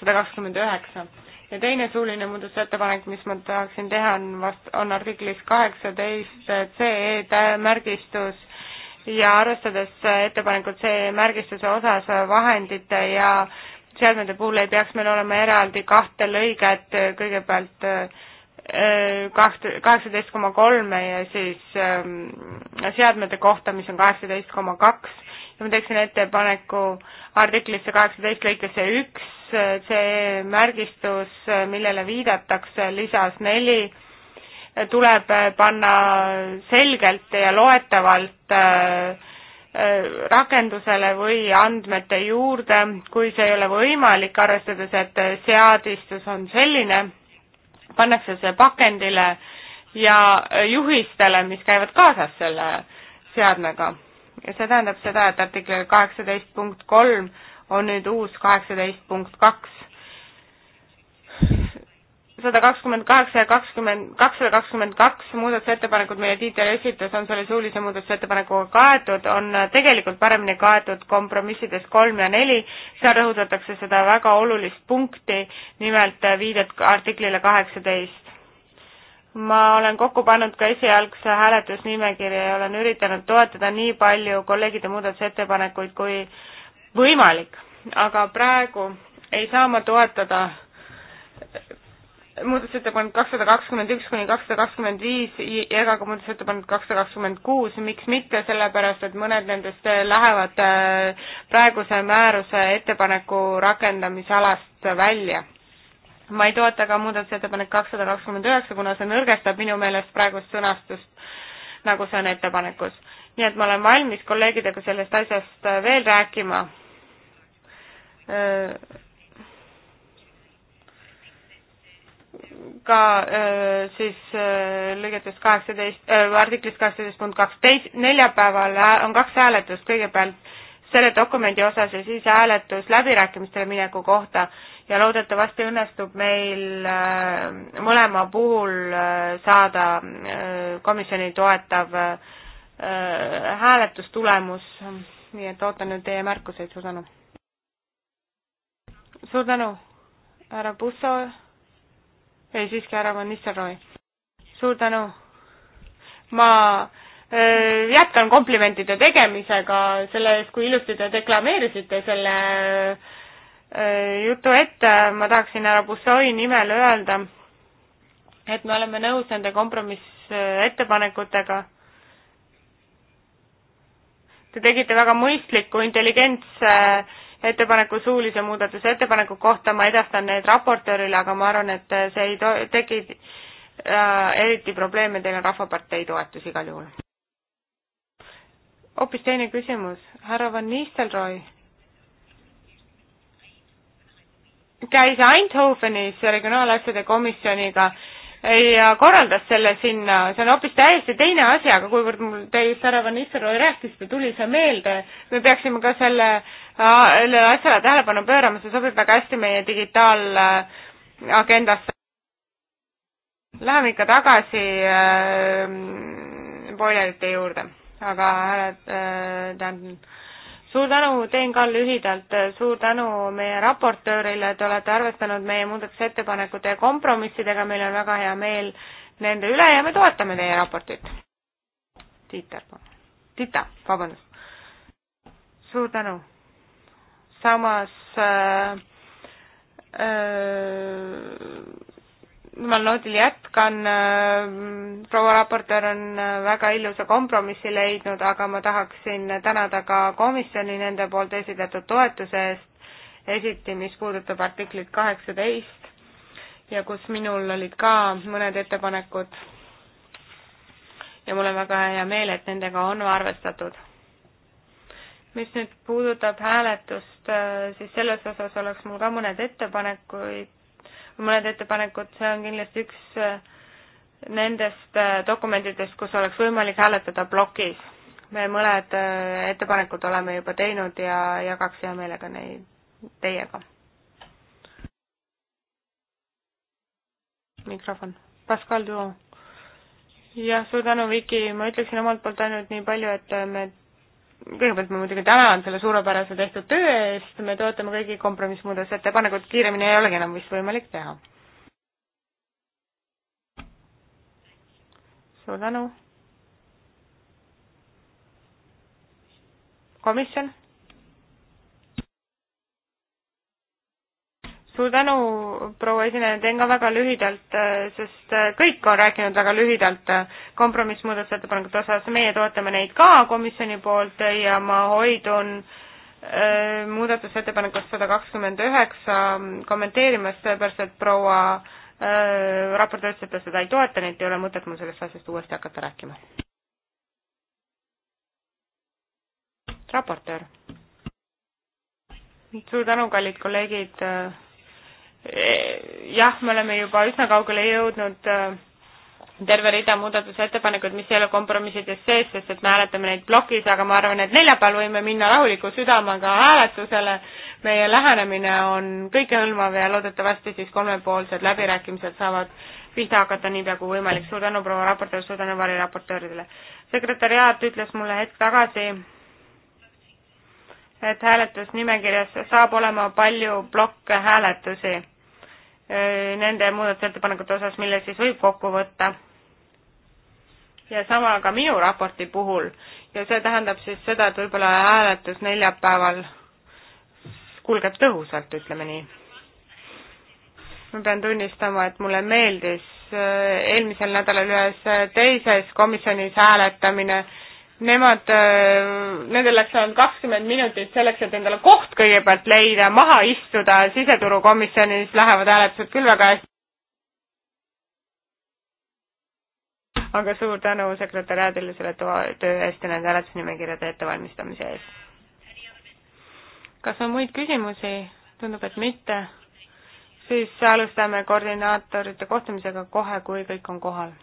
sada kakskümmend üheksa. ja teine suuline muudatusettepanek, mis ma tahaksin teha, on vast-, on artiklis kaheksateist CE märgistus ja arvestades ettepanekut see märgistuse osas vahendite ja seadmete puhul ei peaks meil olema eraldi kahte lõiget, kõigepealt äh, kaht-, kaheksateist koma kolme ja siis ähm, seadmete kohta, mis on kaheksateist koma kaks, ja ma teeksin ettepaneku artiklisse kaheksateist lõikesse üks, see äh, märgistus, äh, millele viidatakse lisas neli, tuleb panna selgelt ja loetavalt äh, äh, rakendusele või andmete juurde, kui see ei ole võimalik, arvestades, et seadistus on selline, pannakse see pakendile ja juhistele, mis käivad kaasas selle seadmega. ja see tähendab seda, et artikkel kaheksateist punkt kolm on nüüd uus kaheksateist punkt kaks sada kakskümmend kaheksa ja kakskümmend, kakssada kakskümmend kaks muudatusettepanekut, mille Tiiter esitas, on selle suulise muudatusettepanekuga kaetud, on tegelikult paremini kaetud kompromissides kolm ja neli, seal rõhutatakse seda väga olulist punkti, nimelt viidet artiklile kaheksateist. ma olen kokku pannud ka esialgse hääletusnimekirja ja olen üritanud toetada nii palju kolleegide muudatusettepanekuid kui võimalik, aga praegu ei saa ma toetada muudatusettepanek kakssada kakskümmend üks kuni kakssada kakskümmend viis ja ka muudatusettepanek kakssada kakskümmend kuus, miks mitte, sellepärast et mõned nendest äh, lähevad äh, praeguse määruse ettepaneku rakendamisalast välja. ma ei toeta ka muudatusettepanek kakssada kakskümmend üheksa, kuna see nõrgestab minu meelest praegust sõnastust, nagu see on ettepanekus. nii et ma olen valmis kolleegidega sellest asjast äh, veel rääkima ka äh, siis äh, lõigetes kaheksateist, äh, artiklis kaheksateist punkt kaksteist, neljapäeval on kaks hääletust, kõigepealt selle dokumendi osas ja siis hääletus läbirääkimistele mineku kohta ja loodetavasti õnnestub meil mõlema puhul saada komisjoni toetav hääletustulemus, nii et ootan nüüd teie märkuseid, suur tänu! suur tänu, härra Busso! ei, siiski härra Van Nistelrooy. suur tänu. ma öö, äh, jätkan komplimentide tegemisega selle eest, kui ilusti te deklameerisite selle öö, äh, jutu ette. ma tahaksin härra Bussoi nimel öelda, et me oleme nõus nende kompromissettepanekutega. Te tegite väga mõistliku intelligentse äh, ettepaneku suulise muudatuse ettepaneku kohta, ma edastan need raportöörile, aga ma arvan, et see ei to-, tegi äh, eriti probleeme, teil on Rahvapartei toetus igal juhul. hoopis teine küsimus, härra Van Nistelrooy käis Eindhovenis regionaalasjade komisjoniga ja korraldas selle sinna, see on hoopis täiesti teine asi, aga kuivõrd mul teist härra Van Nistelrooy rääkis ja tuli see meelde, me peaksime ka selle äh, asjale tähelepanu pöörama, see sobib väga hästi meie digitaalagendasse. Läheme ikka tagasi äh, boilerite juurde, aga härra äh, Dan äh, suur tänu, teen ka lühidalt, suur tänu meie raportöörile, te olete arvestanud meie muudatusettepanekute ja kompromissidega, meil on väga hea meel nende üle ja me toetame teie raportit. Tiiter, Tita, vabandust. suur tänu. samas äh, äh, jumal noodil jätkan, äh, proua raportöör on äh, väga ilusa kompromissi leidnud, aga ma tahaksin tänada ka komisjoni nende poolt esitatud toetuse eest, esiti mis puudutab artiklit kaheksateist ja kus minul olid ka mõned ettepanekud. ja mul on väga hea meel, et nendega on arvestatud. mis nüüd puudutab hääletust, äh, siis selles osas oleks mul ka mõned ettepanekuid, mõned ettepanekud, see on kindlasti üks eh, nendest eh, dokumentidest, kus oleks võimalik hääletada plokis. me mõned eh, ettepanekud oleme juba teinud ja jagaks hea meelega neid teiega. mikrofon. Pascal Duo. jah, suur tänu, Viki, ma ütleksin omalt poolt ainult nii palju, et me kõigepealt ma muidugi tänan selle suurepärase tehtud töö eest, me toetame kõigi kompromissmuudatusettepanekut, kiiremini ei olegi enam vist võimalik teha. suur tänu. komisjon? suur tänu, proua esineja, teen ka väga lühidalt, äh, sest äh, kõik on rääkinud väga lühidalt äh, kompromissmuudatusettepanekute osas, meie toetame neid ka komisjoni poolt ja ma hoidun äh, muudatusettepanekust sada kakskümmend üheksa kommenteerimast, sellepärast et proua äh, raportöör ütles, et ta seda ei toeta, nii et ei ole mõtet mul sellest asjast uuesti hakata rääkima. raportöör suur tänu, kallid kolleegid jah, me oleme juba üsna kaugele jõudnud äh, terve rida muudatusettepanekuid, mis ei ole kompromissides sees, sest et me hääletame neid plokis, aga ma arvan, et neljapäeval võime minna rahuliku südamega hääletusele. meie lähenemine on kõikehõlmav ja loodetavasti siis kolmepoolsed läbirääkimised saavad pihta hakata niipea kui võimalik. suur tänu, proua raportöör, suur tänu variraportööridele. sekretäriaat ütles mulle hetk tagasi, et hääletusnimekirjas saab olema palju blokke hääletusi nende muudatusettepanekute osas, mille siis võib kokku võtta. ja sama ka minu raporti puhul ja see tähendab siis seda, et võib-olla hääletus neljapäeval kulgeb tõhusalt, ütleme nii. ma pean tunnistama, et mulle meeldis eelmisel nädalal ühes teises komisjonis hääletamine Nemad, äh, nendel läks ainult kakskümmend minutit selleks, et endale koht kõigepealt leida, maha istuda, siseturukomisjonis lähevad hääletused küll väga hästi. aga suur tänu sekretäriaadile selle toa, töö eest ja nende hääletusnimekirjade ettevalmistamise eest. kas on muid küsimusi? tundub, et mitte. siis alustame koordinaatorite kohtumisega kohe, kui kõik on kohal